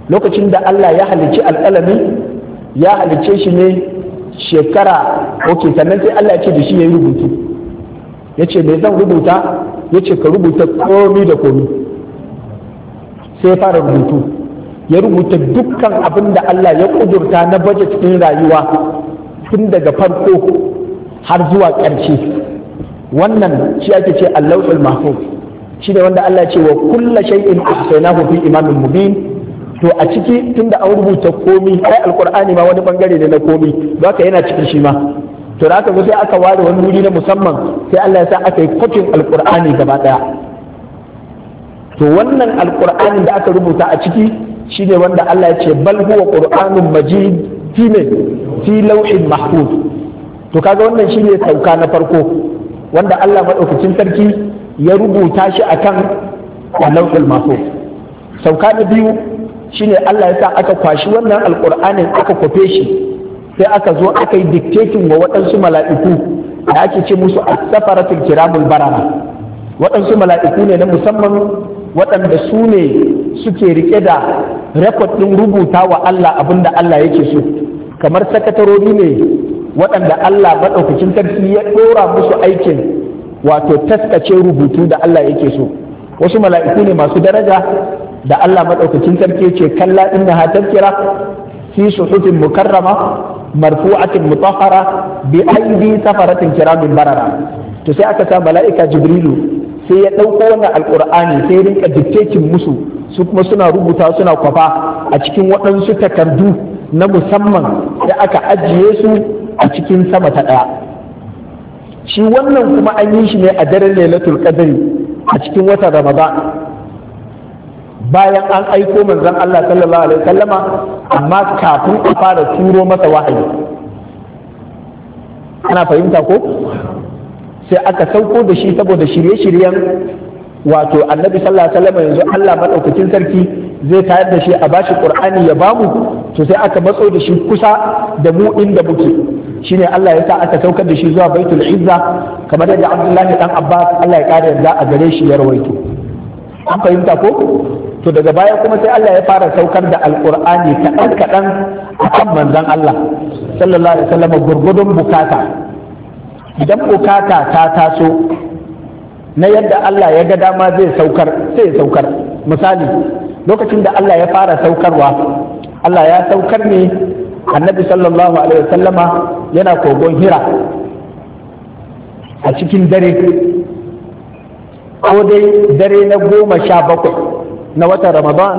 Speaker 3: lokacin da Allah ya halicci alƙalami ya halicce shi ne shekara ok sannan sai Allah ya ce da shi ya yi rubutu ya ce me zan rubuta ya ce ka rubuta komi da komi sai ya fara rubutu ya rubuta dukkan abin da Allah ya kudurta na baje cikin rayuwa tun daga farko har zuwa ƙarshe wannan shi ake ce allahul mahfuz shi ne wanda Allah ya ce wa kulla shay'in ahsaynahu fi imamin mubin to a ciki tunda an rubuta komi ai alqur'ani ma wani bangare ne na komi baka yana cikin shi ma to da aka zo sai aka ware wani wuri na musamman sai Allah ya sa aka yi kofin alqur'ani gaba daya to wannan alkur'anin da aka rubuta a ciki shine wanda Allah ya ce bal huwa qur'anun majid fi ne fi lauhin mahfuz to kaga wannan shine sauka na farko wanda Allah madaukakin sarki ya rubuta shi akan lauhul mahfuz sauka na biyu shine Allah ya sa aka kwashi wannan alkur'anin aka kwafe shi sai aka zo aka yi dictating wa waɗansu mala'iku da ake ce musu as-safaratul kiramul barara waɗansu mala'iku ne na musamman waɗanda su ne suke rike da rekod ɗin rubuta wa Allah abin da Allah yake so kamar sakatarori ne waɗanda Allah maɗaukacin sarki ya ɗora musu aikin wato taskace rubutu da Allah yake so wasu mala'iku ne masu daraja da Allah maɗaukacin sarki ce kalla inna ha tazkira fi suhufin mukarrama marfu'atin mutahhara bi aidi safaratin kiramin barara to sai aka sa mala'ika jibrilu sai ya ɗauko wannan alƙur'ani sai ya rinka dictating musu su kuma suna rubuta suna kwafa a cikin waɗansu takardu na musamman da aka ajiye su a cikin sama ta ɗaya shi wannan kuma an yi shi ne a daren lailatul qadri a cikin watan ramadan bayan an aiko manzon Allah sallallahu alaihi wasallama amma kafin a fara turo masa wahayi ana fahimta ko sai aka sauko da shi saboda shirye-shiryen wato annabi sallallahu alaihi wasallam yanzu Allah madaukakin sarki zai tayar da shi a bashi qur'ani ya bamu to sai aka matso da shi kusa da mu inda muke shine Allah ya sa aka saukar da shi zuwa baitul izza kamar yadda Abdullahi dan Abbas Allah ya kare yanzu a gare shi ya rawaito an fahimta ko to daga baya kuma sai Allah ya fara saukar da alqur'ani kaɗan kaɗan a kan manzon Allah sallallahu alaihi wasallam gurgudun bukata idan bukata ta taso na yadda Allah ya ga dama zai saukar sai ya saukar misali lokacin da Allah ya fara saukarwa Allah ya saukar ne annabi sallallahu alaihi wasallama yana kogon hira a cikin dare ko dai dare na goma sha bakwai na watan ramadan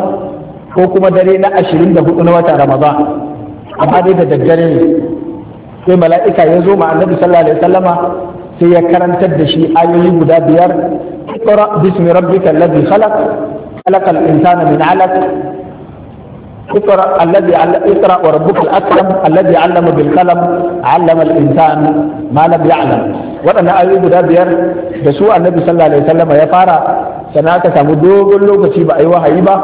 Speaker 3: ko kuma dare na ashirin da hudu na watan ramadan amma dai da daddare ne sai mala'ika ya zo ma annabi sallallahu alaihi wasallam sai ya karantar da shi ayoyi guda biyar iqra bismi rabbikal ladhi khalaq khalaqal insana min 'alaq alladhi اقرا الذي akram alladhi 'allama bil qalam 'allama al الانسان ma lam ya'lam waɗannan ayoyi guda biyar da su annabi sallallahu alaihi wasallam ya fara sanaka aka samu dogon lokaci ba ayi wahayi ba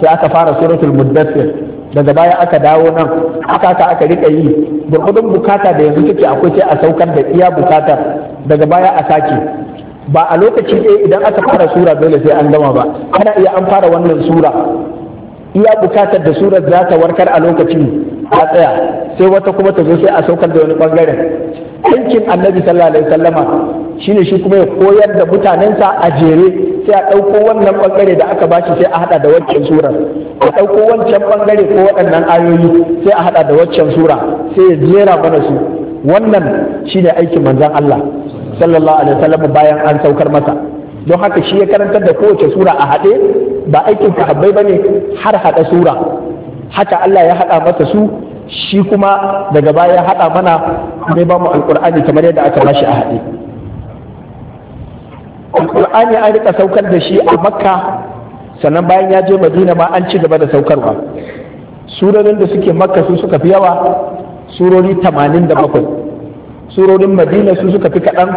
Speaker 3: sai aka fara suratul muddathir daga baya aka dawo nan aka aka aka rika yi kudin bukata da yanzu take akwai sai a saukar da iya bukatar daga baya a sake ba a lokaci ɗaya idan aka fara sura dole sai an gama ba ana iya an fara wannan sura iya bukatar da surar za ta warkar a lokacin a tsaya sai wata kuma ta zo sai a saukar da wani bangaren aikin annabi sallallahu alaihi wasallama shine shi kuma ya koyar da mutanensa a jere sai a ɗauko wannan ɓangare da aka bashi sai a haɗa da waccan sura a ɗauko wancan ɓangare ko waɗannan ayoyi sai a haɗa da waccan sura sai ya jera mana su wannan shine aikin manzon Allah sallallahu alaihi wasallam bayan an saukar masa don haka shi ya karantar da kowace sura a haɗe ba aikin ba ne har haɗa sura haka Allah ya haɗa masa su shi kuma daga baya ya haɗa mana mai ba mu alƙur'ani kamar yadda aka bashi a haɗe alƙur'ani an rika saukar da shi a makka sannan bayan ya je madina ma an ci gaba da saukarwa surorin da suke makka su suka fi yawa surori tamanin da bakwai surorin madina su suka fi kaɗan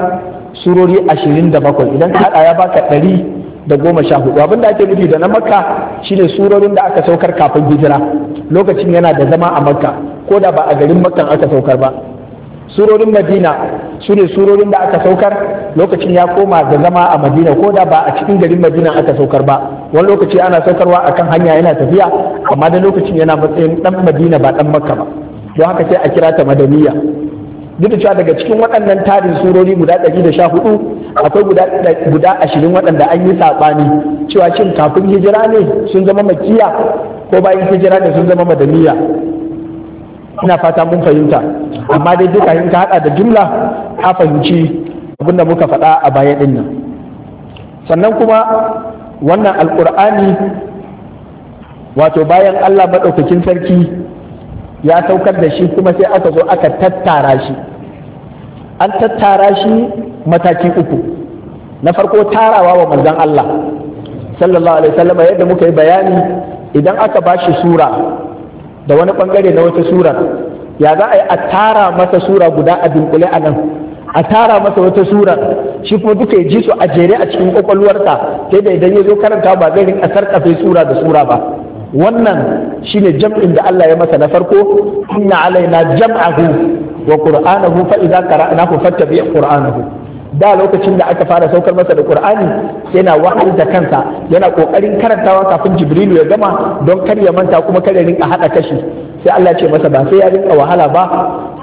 Speaker 3: surori ashirin da bakwai idan ka haɗa ya baka ɗari da goma sha hudu abin da ake nufi da na makka shine surorin da aka saukar kafin hijira lokacin yana da zama a makka ko da ba a garin makka aka saukar ba surorin madina su ne surorin da aka saukar lokacin ya koma da zama a madina ko da ba a cikin garin madina aka saukar ba wani lokaci ana saukarwa a kan hanya yana tafiya amma da lokacin yana matsayin dan madina ba dan makka ba don haka sai a kira ta madaniya duk da cewa daga cikin waɗannan tarin surori guda ɗari da sha hudu akwai guda ashirin waɗanda an yi saɓani cewa shin kafin hijira ne sun zama makiya ko bayan hijira ne sun zama madaniya ina fata mun fahimta amma dai duka in ka haɗa da jumla a fahimci abinda muka faɗa a baya ɗin nan sannan kuma wannan alƙur'ani wato bayan Allah maɗaukakin sarki ya saukar da shi kuma sai aka zo aka tattara shi an tattara shi mataki uku na farko tarawa wa manzan Allah sallallahu alaihi wasallam yadda muka yi bayani idan aka ba shi sura da wani ɓangare na wata sura ya za a yi a tara masa sura guda a dunkule a nan a tara masa wata sura shi kuma duka ya ji su a jere a cikin kwakwalwarsa sai da idan ya zo karanta ba zai rinka sarkafe sura da sura ba wannan shine jam'in da Allah ya masa na farko inna alaina jam'ahu wa qur'anahu fa idza qara'nahu fattabi' qur'anahu da lokacin da aka fara saukar masa da qur'ani yana wa'azi da kansa yana kokarin karantawa kafin jibrilu ya gama don kar ya manta kuma kar ya rinka hada kashi sai Allah ce masa ba sai ya rinka wahala ba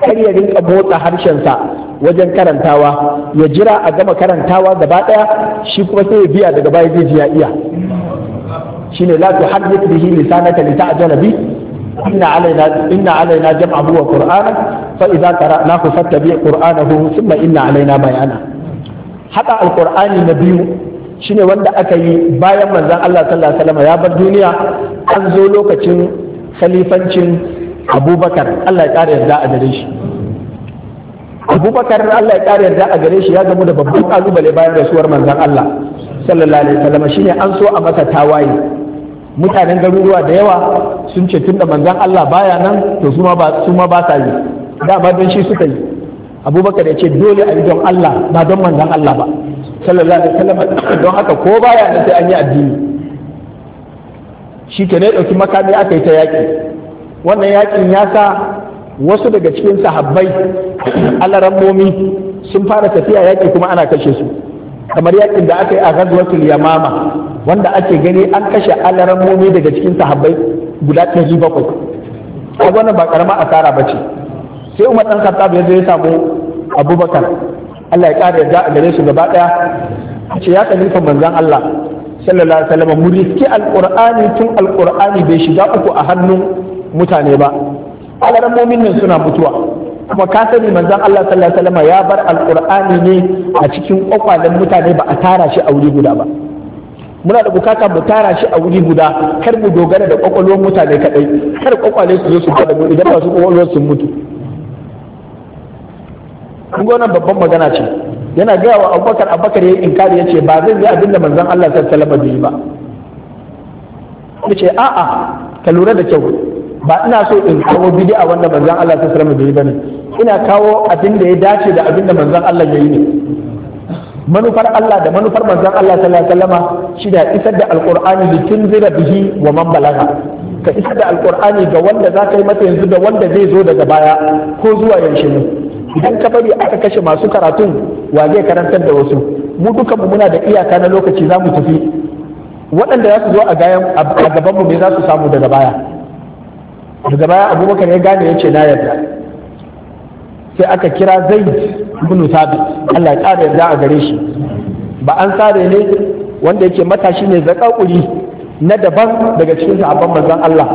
Speaker 3: kar ya rinka motsa harshensa wajen karantawa ya jira a gama karantawa gaba daya shi kuma sai ya biya daga baya zai ya iya shine la tuhaddith bihi lisanaka lita'jala bi inna alaina inna alaina jam'ahu wa qur'ana fa idza qara'nahu fattabi' qur'anahu thumma inna alaina bayana haɗa alkur'ani na biyu shine wanda aka yi bayan manzan Allah sallallahu alaihi wasallam ya bar duniya an zo lokacin khalifancin abubakar Allah ya ƙara yarda a gare shi abubakar Allah ya ƙara yarda a gare shi ya gamu da babban kalubale bayan rasuwar manzan Allah sallallahu alaihi wasallam shine an so a masa tawaye mutanen garuruwa da yawa sun ce tunda manzan Allah baya nan to su ma ba su ba yi dama don shi suka yi abubakar ya ce dole a yi don Allah ba don manzan Allah ba sallallahu alaihi wasallam don haka ko baya ne sai an yi addini shi ke ne ɗauki makami aka yi ta yaƙi wannan yaƙin ya sa wasu daga cikin sahabbai alarammomi sun fara tafiya yaƙi kuma ana kashe su kamar yaƙin da aka yi a ghazwatul yamama wanda ake gani an kashe alarammomi daga cikin sahabbai guda ɗari bakwai wannan ba karama asara ba ce sai umar ɗan khattab ya zo ya samu abubakar Allah ya ƙara yarda a gare su gaba ɗaya a ce ya kalifa manzan Allah sallallahu alaihi wasallam mu riski alqur'ani tun al'ƙur'ani bai shiga uku a hannun mutane ba alaran mu'minin suna mutuwa kuma ka sani manzan Allah sallallahu alaihi ya bar alqur'ani ne a cikin kwakwalen mutane ba a tara a wuri guda ba muna da bukata mu tara shi a wuri guda kar mu dogara da kwakwalwar mutane kadai kar kwakwale su zo su bada mu idan ba su kwakwalwar sun mutu kun wannan babban magana ce yana gaya wa abubakar abubakar ya inkari yace ba zai yi abinda manzan Allah talaba da yi ba ce a'a ka lura da kyau ba ina so in kawo a wanda manzan Allah sallallahu alaihi wasallam ne ina kawo abin ya dace da abinda da manzon Allah yi ne manufar Allah da manufar manzon Allah ta talaba shi da isar da alqur'ani li zira bihi wa man balaga ka isar da alqur'ani ga wanda za ka yi mata yanzu da wanda zai zo daga baya ko zuwa yaushe ne idan ka bari aka kashe masu karatun wa zai karantar da wasu mu dukan mu muna da iyaka na lokaci za mu tafi waɗanda za su zo a gaban mu me za su samu daga baya daga baya abubakar ya gane ya ce na yarda sai aka kira zaid ibn sabit Allah ya tsara yarda a gare shi ba an sare ne wanda yake matashi ne zakauri na daban daga cikin sahabban manzon Allah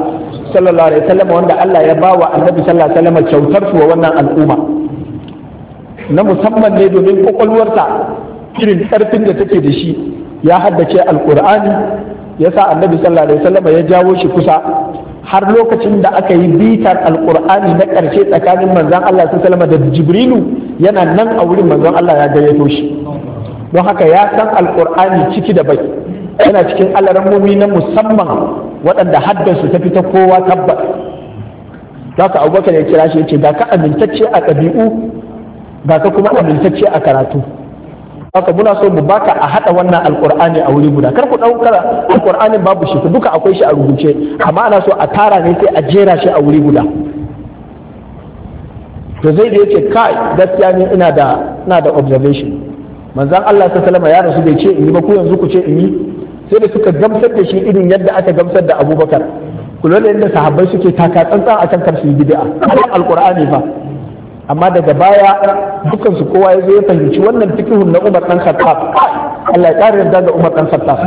Speaker 3: sallallahu alaihi wasallam wanda Allah ya bawa annabi sallallahu alaihi wasallam kyautar wa wannan al'umma na musamman ne domin kwakwalwarta irin karfin da take da shi ya haddace alkur'ani ya sa annabi sallallahu alaihi wasallam ya jawo shi kusa har lokacin da aka yi bitar alkur'ani na karshe tsakanin manzon Allah sallallahu alaihi da jibrilu yana nan a wurin manzon Allah ya gayyato shi don haka ya san alkur'ani ciki da bai yana cikin alarammomi na musamman waɗanda haddansu ta fi ta kowa tabbas za ka abubakar ya kira shi ya ce ga ka amintacce a ɗabi'u ga ka kuma amintacce a karatu haka muna so mu baka a hada wannan alqur'ani a wuri guda kar ku dauka alqur'anin babu shi duka akwai shi a rubuce amma ana so a tara ne sai a jera shi a wuri guda to zai da yace kai gaskiya ne ina da ina da observation manzon Allah sallallahu alaihi wasallam ya rasu bai ce in yi ba ku yanzu ku ce in yi sai da suka gamsar da shi irin yadda aka gamsar da Abubakar Kullum da yadda sahabbai suke taka tsantsan akan kar su yi bid'a alqur'ani ba. amma daga baya dukkan su kowa ya zo ya fahimci wannan fikihun na Umar dan Khattab Allah ya ƙara yarda da Umar dan Khattab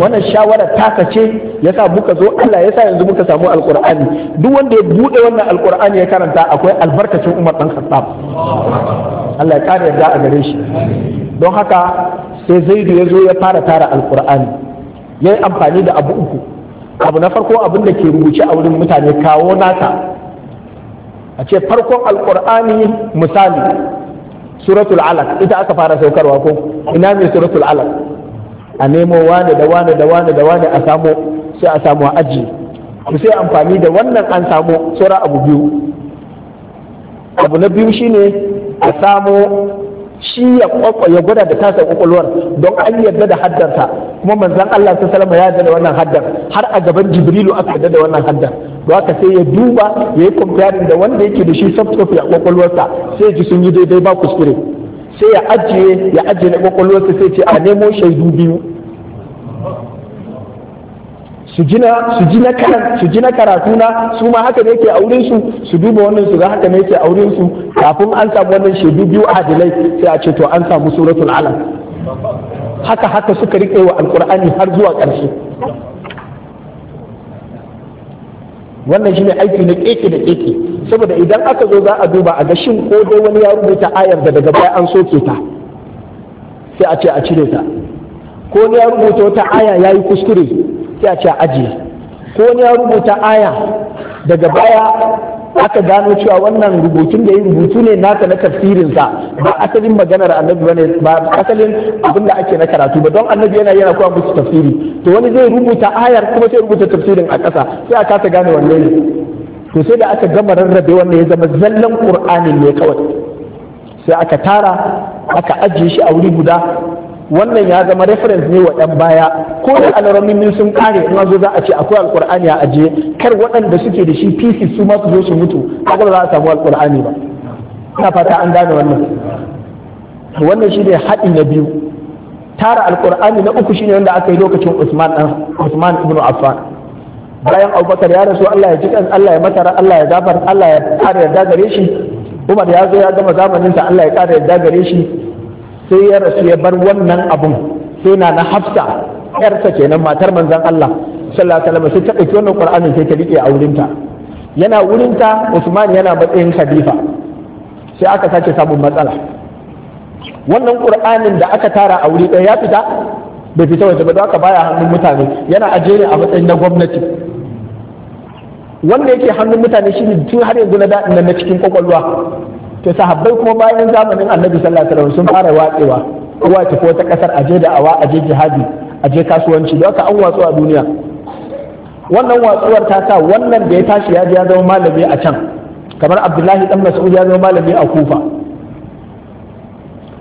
Speaker 3: wannan shawara ta kace yasa muka zo Allah yasa yanzu muka samu alqur'ani duk wanda ya bude wannan alqur'ani ya karanta akwai albarkacin Umar dan Khattab Allah ya ƙara yarda a gare shi don haka sai Zaidu ya zo ya fara tara alqur'ani yayi amfani da abu uku abu na farko abin da ke rubuce a wurin mutane kawo naka a ce farkon alkur'ani misali suratul alaq ita aka fara saukarwa ko ina mai suratul alaq a nemo wane da wane da wane da wane a samu sai a samu aji ku sai amfani da wannan an samu sauran abu biyu abu na biyu shine a samu shi ya kwakwa ya gwada da tasa kwakwalwar don an yarda da haddarsa kuma manzan Allah ta salama ya yarda da wannan haddar har a gaban jibrilu aka yarda da wannan haddar don haka sai ya duba ya yi kwamfiyarin da wanda yake da shi soft copy a kwakwalwarsa sai ji sun yi daidai ba kuskure sai ya ajiye ya ajiye na kwakwalwarsa sai ce a nemo shaidu biyu su ji na karatu na su ma haka ne ke auren su su duba wannan su ga haka ne ke auren su kafin an samu wannan shaidu biyu a adilai sai a ce to an samu suratul alam haka haka suka riƙe wa alkur'ani har zuwa ƙarshe wannan shine aiki na keke da keke saboda idan aka zo za a duba a ga shin ko dai wani ya rubuta ayar da daga baya an soke ta sai a ce a cire ta ko wani ya rubuta wata aya ya yi kuskure sai a ce a ajiye ko wani ya rubuta aya daga baya aka gano cewa wannan rubutun da ya rubutu ne nasa na tafsirinsa ba asalin maganar annabi bane ba asalin abin da ake na karatu ba don annabi yana yana kuma musu tafsiri to wani zai rubuta ayar kuma sai rubuta tafsirin a ƙasa sai a kasa gane wanne ne to sai da aka gama rarrabe wannan ya zama zallan qur'anin ne kawai sai aka tara aka ajiye shi a wuri guda wannan ya zama reference ne wa ɗan baya ko da alarammin sun kare in zo za a ce akwai alkur'ani a ajiye kar waɗanda suke da shi pc su ma su zo su mutu kaga ba za a samu alkur'ani ba ina fata an gane wannan wannan shi ne haɗi na biyu tara alkur'ani na uku shine wanda aka yi lokacin usman usman ibn affan bayan abubakar ya rasu allah ya ji kan allah ya matara allah ya gafar allah ya kare yarda gare shi umar ya zo ya gama zamanin sa allah ya kare yarda gare shi sai ya rasu ya bar wannan abun sai na na hafsa yarsa kenan matar manzon Allah sallallahu alaihi wasallam sai ta dauki wannan qur'anin sai ta rike a wurinta yana wurinta Usman yana matsayin khalifa sai aka sake samun matsala wannan qur'anin da aka tara a wuri ɗaya ya fita bai fita waje ba don aka baya hannun mutane yana ajiye ne a matsayin na gwamnati wanda yake hannun mutane shi tun har yanzu na daɗin na cikin kwakwalwa to sahabbai kuma bayan zamanin annabi sallallahu alaihi wasallam sun fara watsewa kowa ta ko ta kasar aje da awa aje jihadi aje kasuwanci da an watsu a duniya wannan watsuwar ta sa wannan da ya tashi ya ya zama malami a can kamar abdullahi dan mas'ud ya zama malami a kufa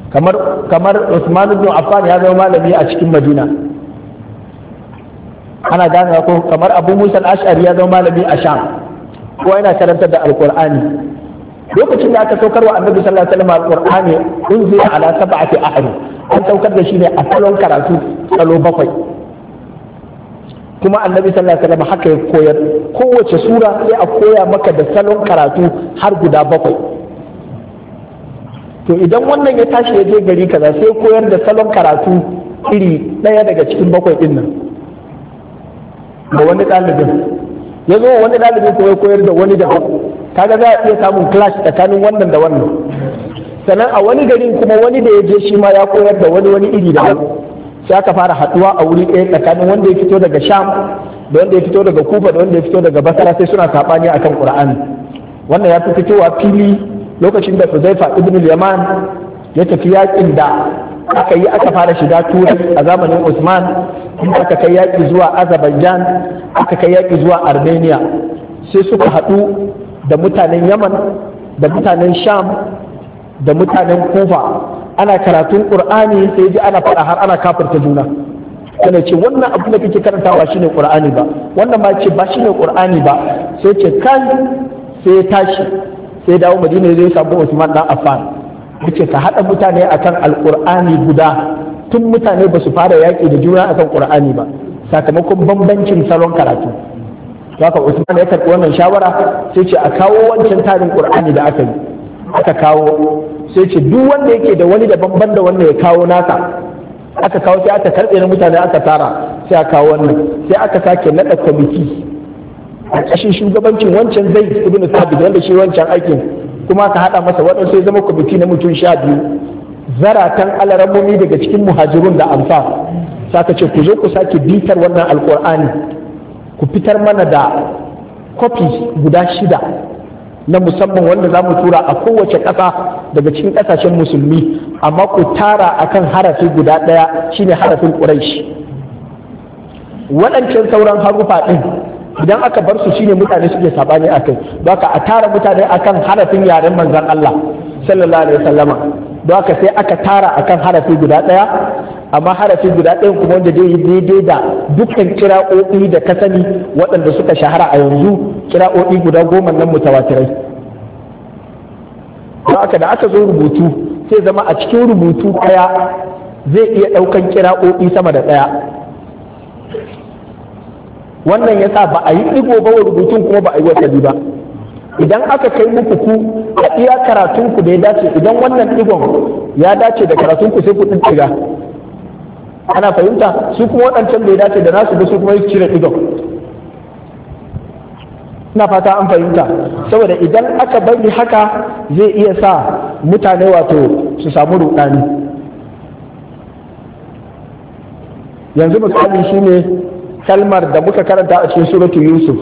Speaker 3: kamar kamar usman ibn affan ya zama malami a cikin madina ana gane ko kamar abu musa al-ash'ari ya zama malami a sham ko yana karantar da alqur'ani lokacin da aka saukar wa annabi sallallahu alaihi wasallam alqur'ani unzila ala sab'ati ahli an saukar da shi ne a salon karatu salo bakwai kuma annabi sallallahu alaihi wasallam haka ya koyar kowace sura sai a koya maka da salon karatu har guda bakwai to idan wannan ya tashi ya je gari kaza sai koyar da salon karatu iri ɗaya daga cikin bakwai din nan ga wani ɗalibin ya zo wani ɗalibin ko ya koyar da wani daban kaga za a iya samun clash tsakanin wannan da wannan sannan a wani garin kuma wani da ya je shi ma ya koyar da wani wani iri da sai aka fara haduwa a wuri ɗaya tsakanin wanda ya fito daga sham da wanda ya fito daga kufa da wanda ya fito daga basara sai suna saɓani akan qur'ani wannan ya fi fitowa fili lokacin da huzaifa ibn yaman ya tafi yakin da aka yi aka fara shiga turai a zamanin usman aka kai yaƙi zuwa azerbaijan aka kai yaƙi zuwa armenia sai suka haɗu da mutanen yaman da mutanen sham da mutanen kufa ana karatun qur'ani sai ji ana faɗa har ana kafirta juna kana ce wannan abin da kake ba shine qur'ani ba wannan ma ce ba shine qur'ani ba sai ce kan sai tashi sai dawo madina zai samu Usman dan Affan yace ka hada mutane akan Alƙur'ani guda tun mutane ba su fara yaki da juna akan qur'ani ba sakamakon bambancin salon karatu haka Usman ya karɓi wannan shawara sai ce a kawo wancan tarin Qur'ani da aka yi aka kawo sai ce duk wanda yake da wani daban da wanda ya kawo naka aka kawo sai aka karɓe na mutane aka tara sai aka kawo wannan sai aka sake naɗa kwamiti a ƙashin shugabancin wancan zai ibn sabit wanda shi wancan aikin kuma ka haɗa masa waɗansu ya zama kwamiti na mutum sha biyu zaratan alarammomi daga cikin muhajirun da amsa saka ce ku zo ku sake bitar wannan alƙur'ani ku fitar mana da kofi guda shida na musamman wanda za mu tura a kowace ƙasa daga cikin ƙasashen musulmi amma ku tara akan harafi guda ɗaya shine harafin ƙuraishi waɗancan sauran harufa ɗin idan aka bar su shine mutane suke sabani a kai ka a tara mutane akan harafin yaren manzan Allah sallallahu alaihi wasallama don sai aka tara akan harafi guda ɗaya amma harafi guda ɗayan kuma wanda zai yi daidai da dukkan kira'o'i da ka sani waɗanda suka shahara a yanzu kira'o'i guda goma nan mutawatirai ba aka da aka zo rubutu sai zama a cikin rubutu ɗaya zai iya ɗaukan kira'o'i sama da ɗaya wannan yasa ba a yi ɗigo ba wa rubutun kuma ba a yi wasali ba idan aka kai muku ku a iya karatunku da ya dace idan wannan ɗigon ya dace da karatunku sai ku ɗiga ana fahimta su kuma waɗancan da ya dace da nasu ba su kuma cire ido ina fata an fahimta saboda idan aka bari haka zai iya sa mutane wato su samu rudani yanzu misali shine kalmar da muka karanta a cikin suratu yusuf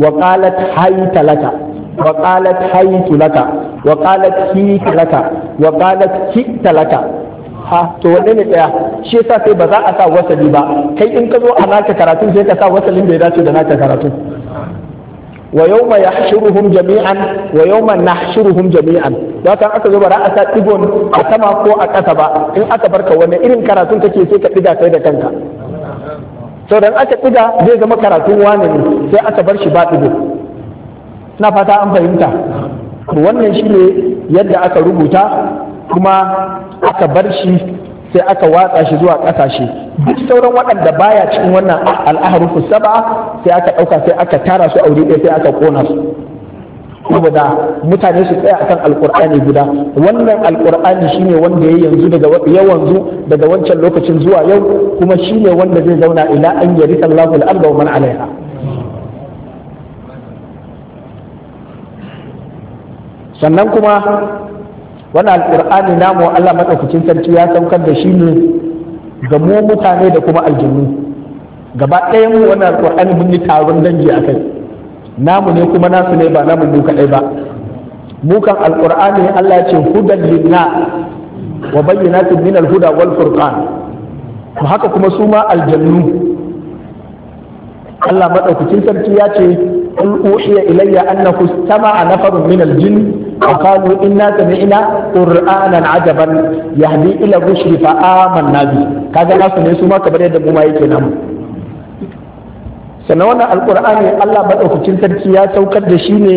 Speaker 3: wa qalat hayta laka wa qalat haytu laka wa qalat hi laka wa qalat hi laka ha to wanne ne tsaya shi yasa sai ba za a sa wasali ba kai in ka zo a naka karatun sai ka sa wasalin ya dace da naka karatu wa yawma yahshuruhum jami'an wa yawma nahshuruhum jami'an da kan aka zo ba a sa digon a sama ko a ƙasa ba in aka barka wanne irin karatun kake sai ka diga kai da kanka to dan aka diga zai zama karatun wane ne sai aka bar shi ba ɗigo na fata an fahimta wannan shi ne yadda aka rubuta kuma aka bar shi sai aka watsa shi zuwa ƙasashe duk sauran waɗanda baya cikin wannan al'aharufu saba, sai aka ɗauka sai aka tara su aure ɗaya sai aka ƙona su saboda mutane su tsaya akan alkur'ani guda wannan alkur'ani shine wanda ya yanzu daga yawanzu daga wancan lokacin zuwa yau kuma shine wanda zai zauna ila an yarisa Allahu al-arda man alaiha sannan kuma wannan Alƙur'ani namu Allah madaukakin sarki ya saukar da shi ne ga mu mutane da kuma aljinnu gaba ɗaya mu wannan alqur'ani mun yi taron dangi kai. namu ne kuma nasu ne ba namu mu kadai ba mu kan alqur'ani Allah ya ce hudan linna wa bayyinatin min alhuda wal furqan to haka kuma su ma aljannu Allah madaukakin sarki ya ce qul uhiya ilayya annahu istama'a nafarun min aljinn وقالوا إنا سمعنا قرآنا عجبا يهدي إلى الرشد فآمنا به كذا ناس نسوما كبر يد بما يكنا سنوانا القرآن الله بدأ في تلك الكيات وكد شيني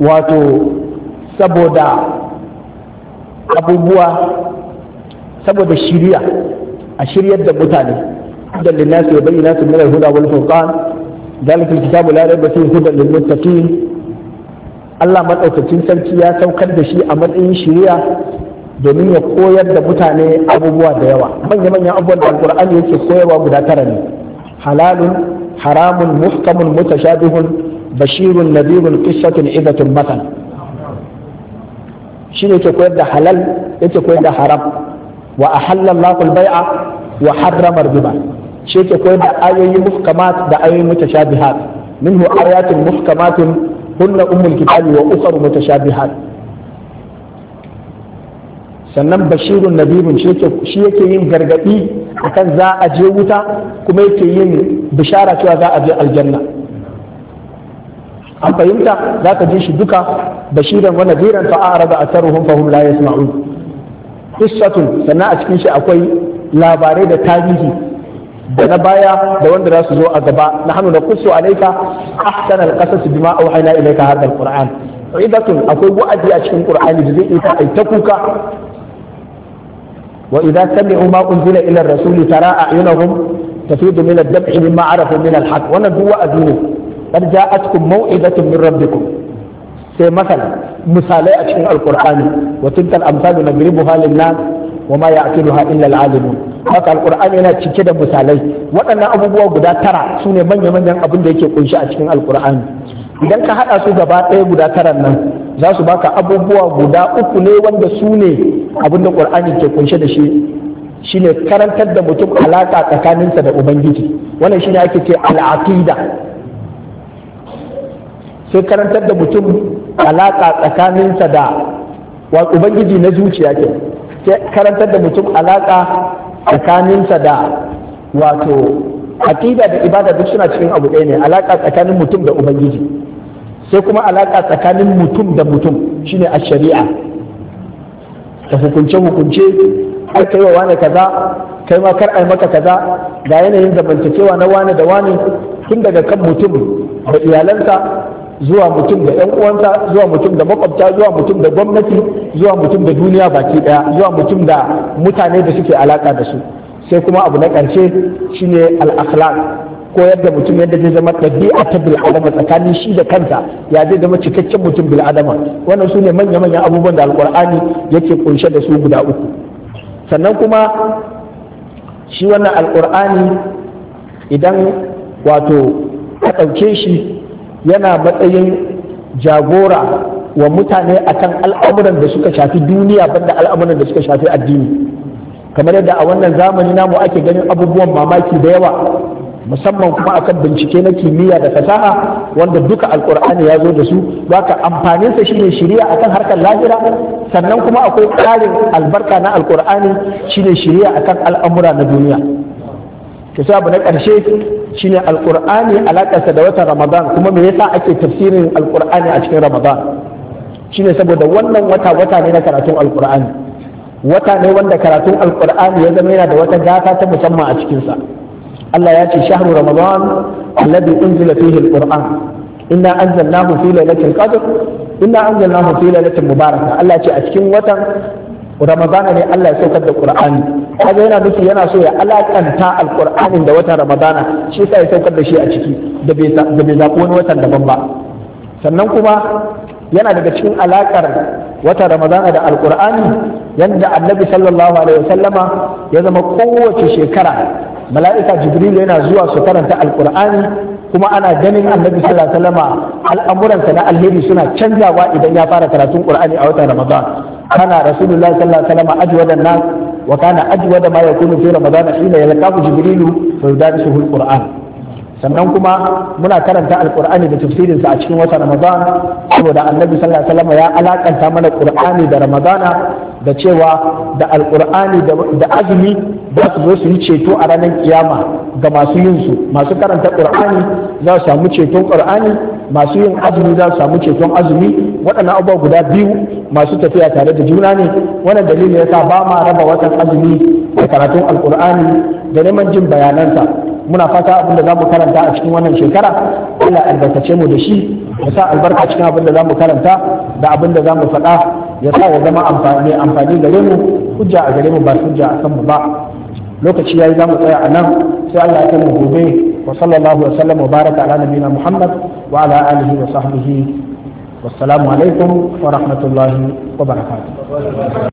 Speaker 3: واتو سبودا abubuwa saboda shiriya a shiryar da mutane hudan linnasi wa bayyana su min al-huda wal furqan dalika al-kitabu Allah maɗaukacin sarki ya saukar da shi a matsayin shirya domin ya koyar da mutane abubuwa da yawa manya-manyan abubuwan da alkur'ani yake koyarwa guda tara ne halalun haramun muhkamun mutashabihun bashirun nadirun qissatun idatun masal shi ne ke koyar da halal yake koyar da haram wa ahalla Allahul bai'a wa harrama riba shi ke koyar da ayoyi muhkamat da ayoyi mutashabihat minhu ayatun muhkamatun hunna ummul kitabi wa sha mutashabihat sannan bashirun nabirun shi yake yin gargadi akan za a je wuta kuma yake yin bishara cewa za a je aljanna an fahimta za ka ji shi duka bashiran wa nadiran fa arada atharuhum fa hum la yasma'un qissatun sannan a cikin shi akwai labarai da tarihi da na baya da wanda za su zo a gaba nahnu naqussu alayka ahsana alqasas bima awhayna ilayka hadha alquran idatun akwai wa'adi a cikin qur'ani da zai ita ai ta kuka wa idza sami'u ma unzila ila ar-rasuli tara a'yunahum tafidu min ad-dab'i mimma arafu min al-haqq wannan duk wa'adi ne qad ja'atkum maw'idatun min rabbikum sai masala misalai a cikin alkur'ani wa tilkal amsalu nadribuha lin-nas wa ma ya'qiluha illa al-alimun haka alqur'ani yana cike da misalai waɗannan abubuwa guda tara sune manya manyan abin da yake kunshi a cikin alqur'ani idan ka hada su gaba ɗaya guda taran nan za su baka abubuwa guda uku ne wanda su ne abin da qur'ani ke kunshe da shi shine karantar da mutum alaka tsakaninsa da ubangiji wannan shine ake ce al-aqida sai karantar da mutum alaka tsakaninsa da wa ubangiji na zuciya ke karantar da mutum alaka tsakaninsa da wato aqida da ibada duk suna cikin abu ɗaya ne alaka tsakanin mutum da ubangiji sai kuma alaka tsakanin mutum da mutum shine a shari'a da hukunce hukunce ai kai wa wane kaza kai ma kar ai maka kaza ga yanayin zamantakewa na wane da wane tun daga kan mutum da iyalansa zuwa mutum da ɗan uwansa zuwa mutum da makwabta zuwa mutum da gwamnati zuwa mutum da duniya baki ɗaya zuwa mutum da mutane da suke alaƙa da su sai kuma abu na ƙarshe shine al-akhlaq ko yadda mutum yadda zai zama ɗabi'a ta bil'adama tsakanin shi da kanta, ya zai zama cikakken mutum bil'adama. wannan su ne manya manyan abubuwan da Alƙur'ani yake kunshe da su guda uku sannan kuma shi wannan Alƙur'ani idan wato ka ɗauke shi yana matsayin jagora wa mutane akan al'amuran da suka shafi duniya banda al'amuran da suka shafi addini kamar yadda a wannan zamani namu ake ganin abubuwan mamaki da yawa musamman kuma akan bincike na kimiyya da fasaha wanda duka alkur'ani ya zo da su baka amfaninsa shine shiriya akan harkar lahira sannan kuma akwai ƙarin albarka na alkur'ani shine shiriya akan al'amura na duniya to sa abu na ƙarshe shine alqur'ani alakarsa da watan ramadan kuma me yasa ake tafsirin alqur'ani a cikin ramadan shine saboda wannan wata wata ne na karatun alqur'ani wata ne wanda karatun alqur'ani ya zama yana da wata gata ta musamman a cikin sa Allah ya ce shahru ramadan alladhi unzila fihi alqur'an inna anzalnahu fi lailatul qadr inna anzalnahu fi lailatin mubaraka Allah ce a cikin watan ramadana ne Allah ya saukar da qur'ani kaga yana nufi yana so ya alakanta alqur'anin da watan ramadana shi sa ya saukar da shi a ciki da bai zaɓi wani watan daban ba sannan kuma yana daga cikin alakar watan ramadana da alqur'ani yanda annabi sallallahu alaihi wasallama ya zama kowace shekara mala'ika jibril yana zuwa su karanta alkur'ani kuma ana ganin annabi sallallahu alaihi al'amuransa na alheri suna canzawa idan ya fara karatun qur'ani a watan ramadan kana rasulullah sallallahu alaihi wasallama ajwadan nas wa kana ajwada ma yakunu fi ramadan hina yalqahu jibril fa yudarisuhu alquran sannan kuma muna karanta alqur'ani da tafsirin sa a cikin watan ramadan saboda annabi sallallahu alaihi ya alakanta mana qur'ani da ramadana da cewa da alkur'ani da azumi za su zo su yi ceto a ranar kiyama ga masu yin su masu karanta qur'ani za su samu ceton qur'ani masu yin azumi za su samu ceton azumi waɗannan abubuwa guda biyu masu tafiya tare da juna ne wannan dalilin yasa ba ma raba watan azumi da karatun alkur'ani da neman jin bayanansa muna fata abin da za mu karanta a cikin wannan shekara Allah albarkace mu da shi ya sa albarka cikin abin da za mu karanta da abin da za mu faɗa ya sa ya zama amfani amfani gare mu hujja a gare mu ba hujja a kanmu ba lokaci yayi za mu tsaya a nan sai Allah ya kai gobe wa sallallahu wa sallam wa baraka ala nabiyina Muhammad wa ala alihi wa sahbihi wassalamu alaikum wa rahmatullahi wa barakatuh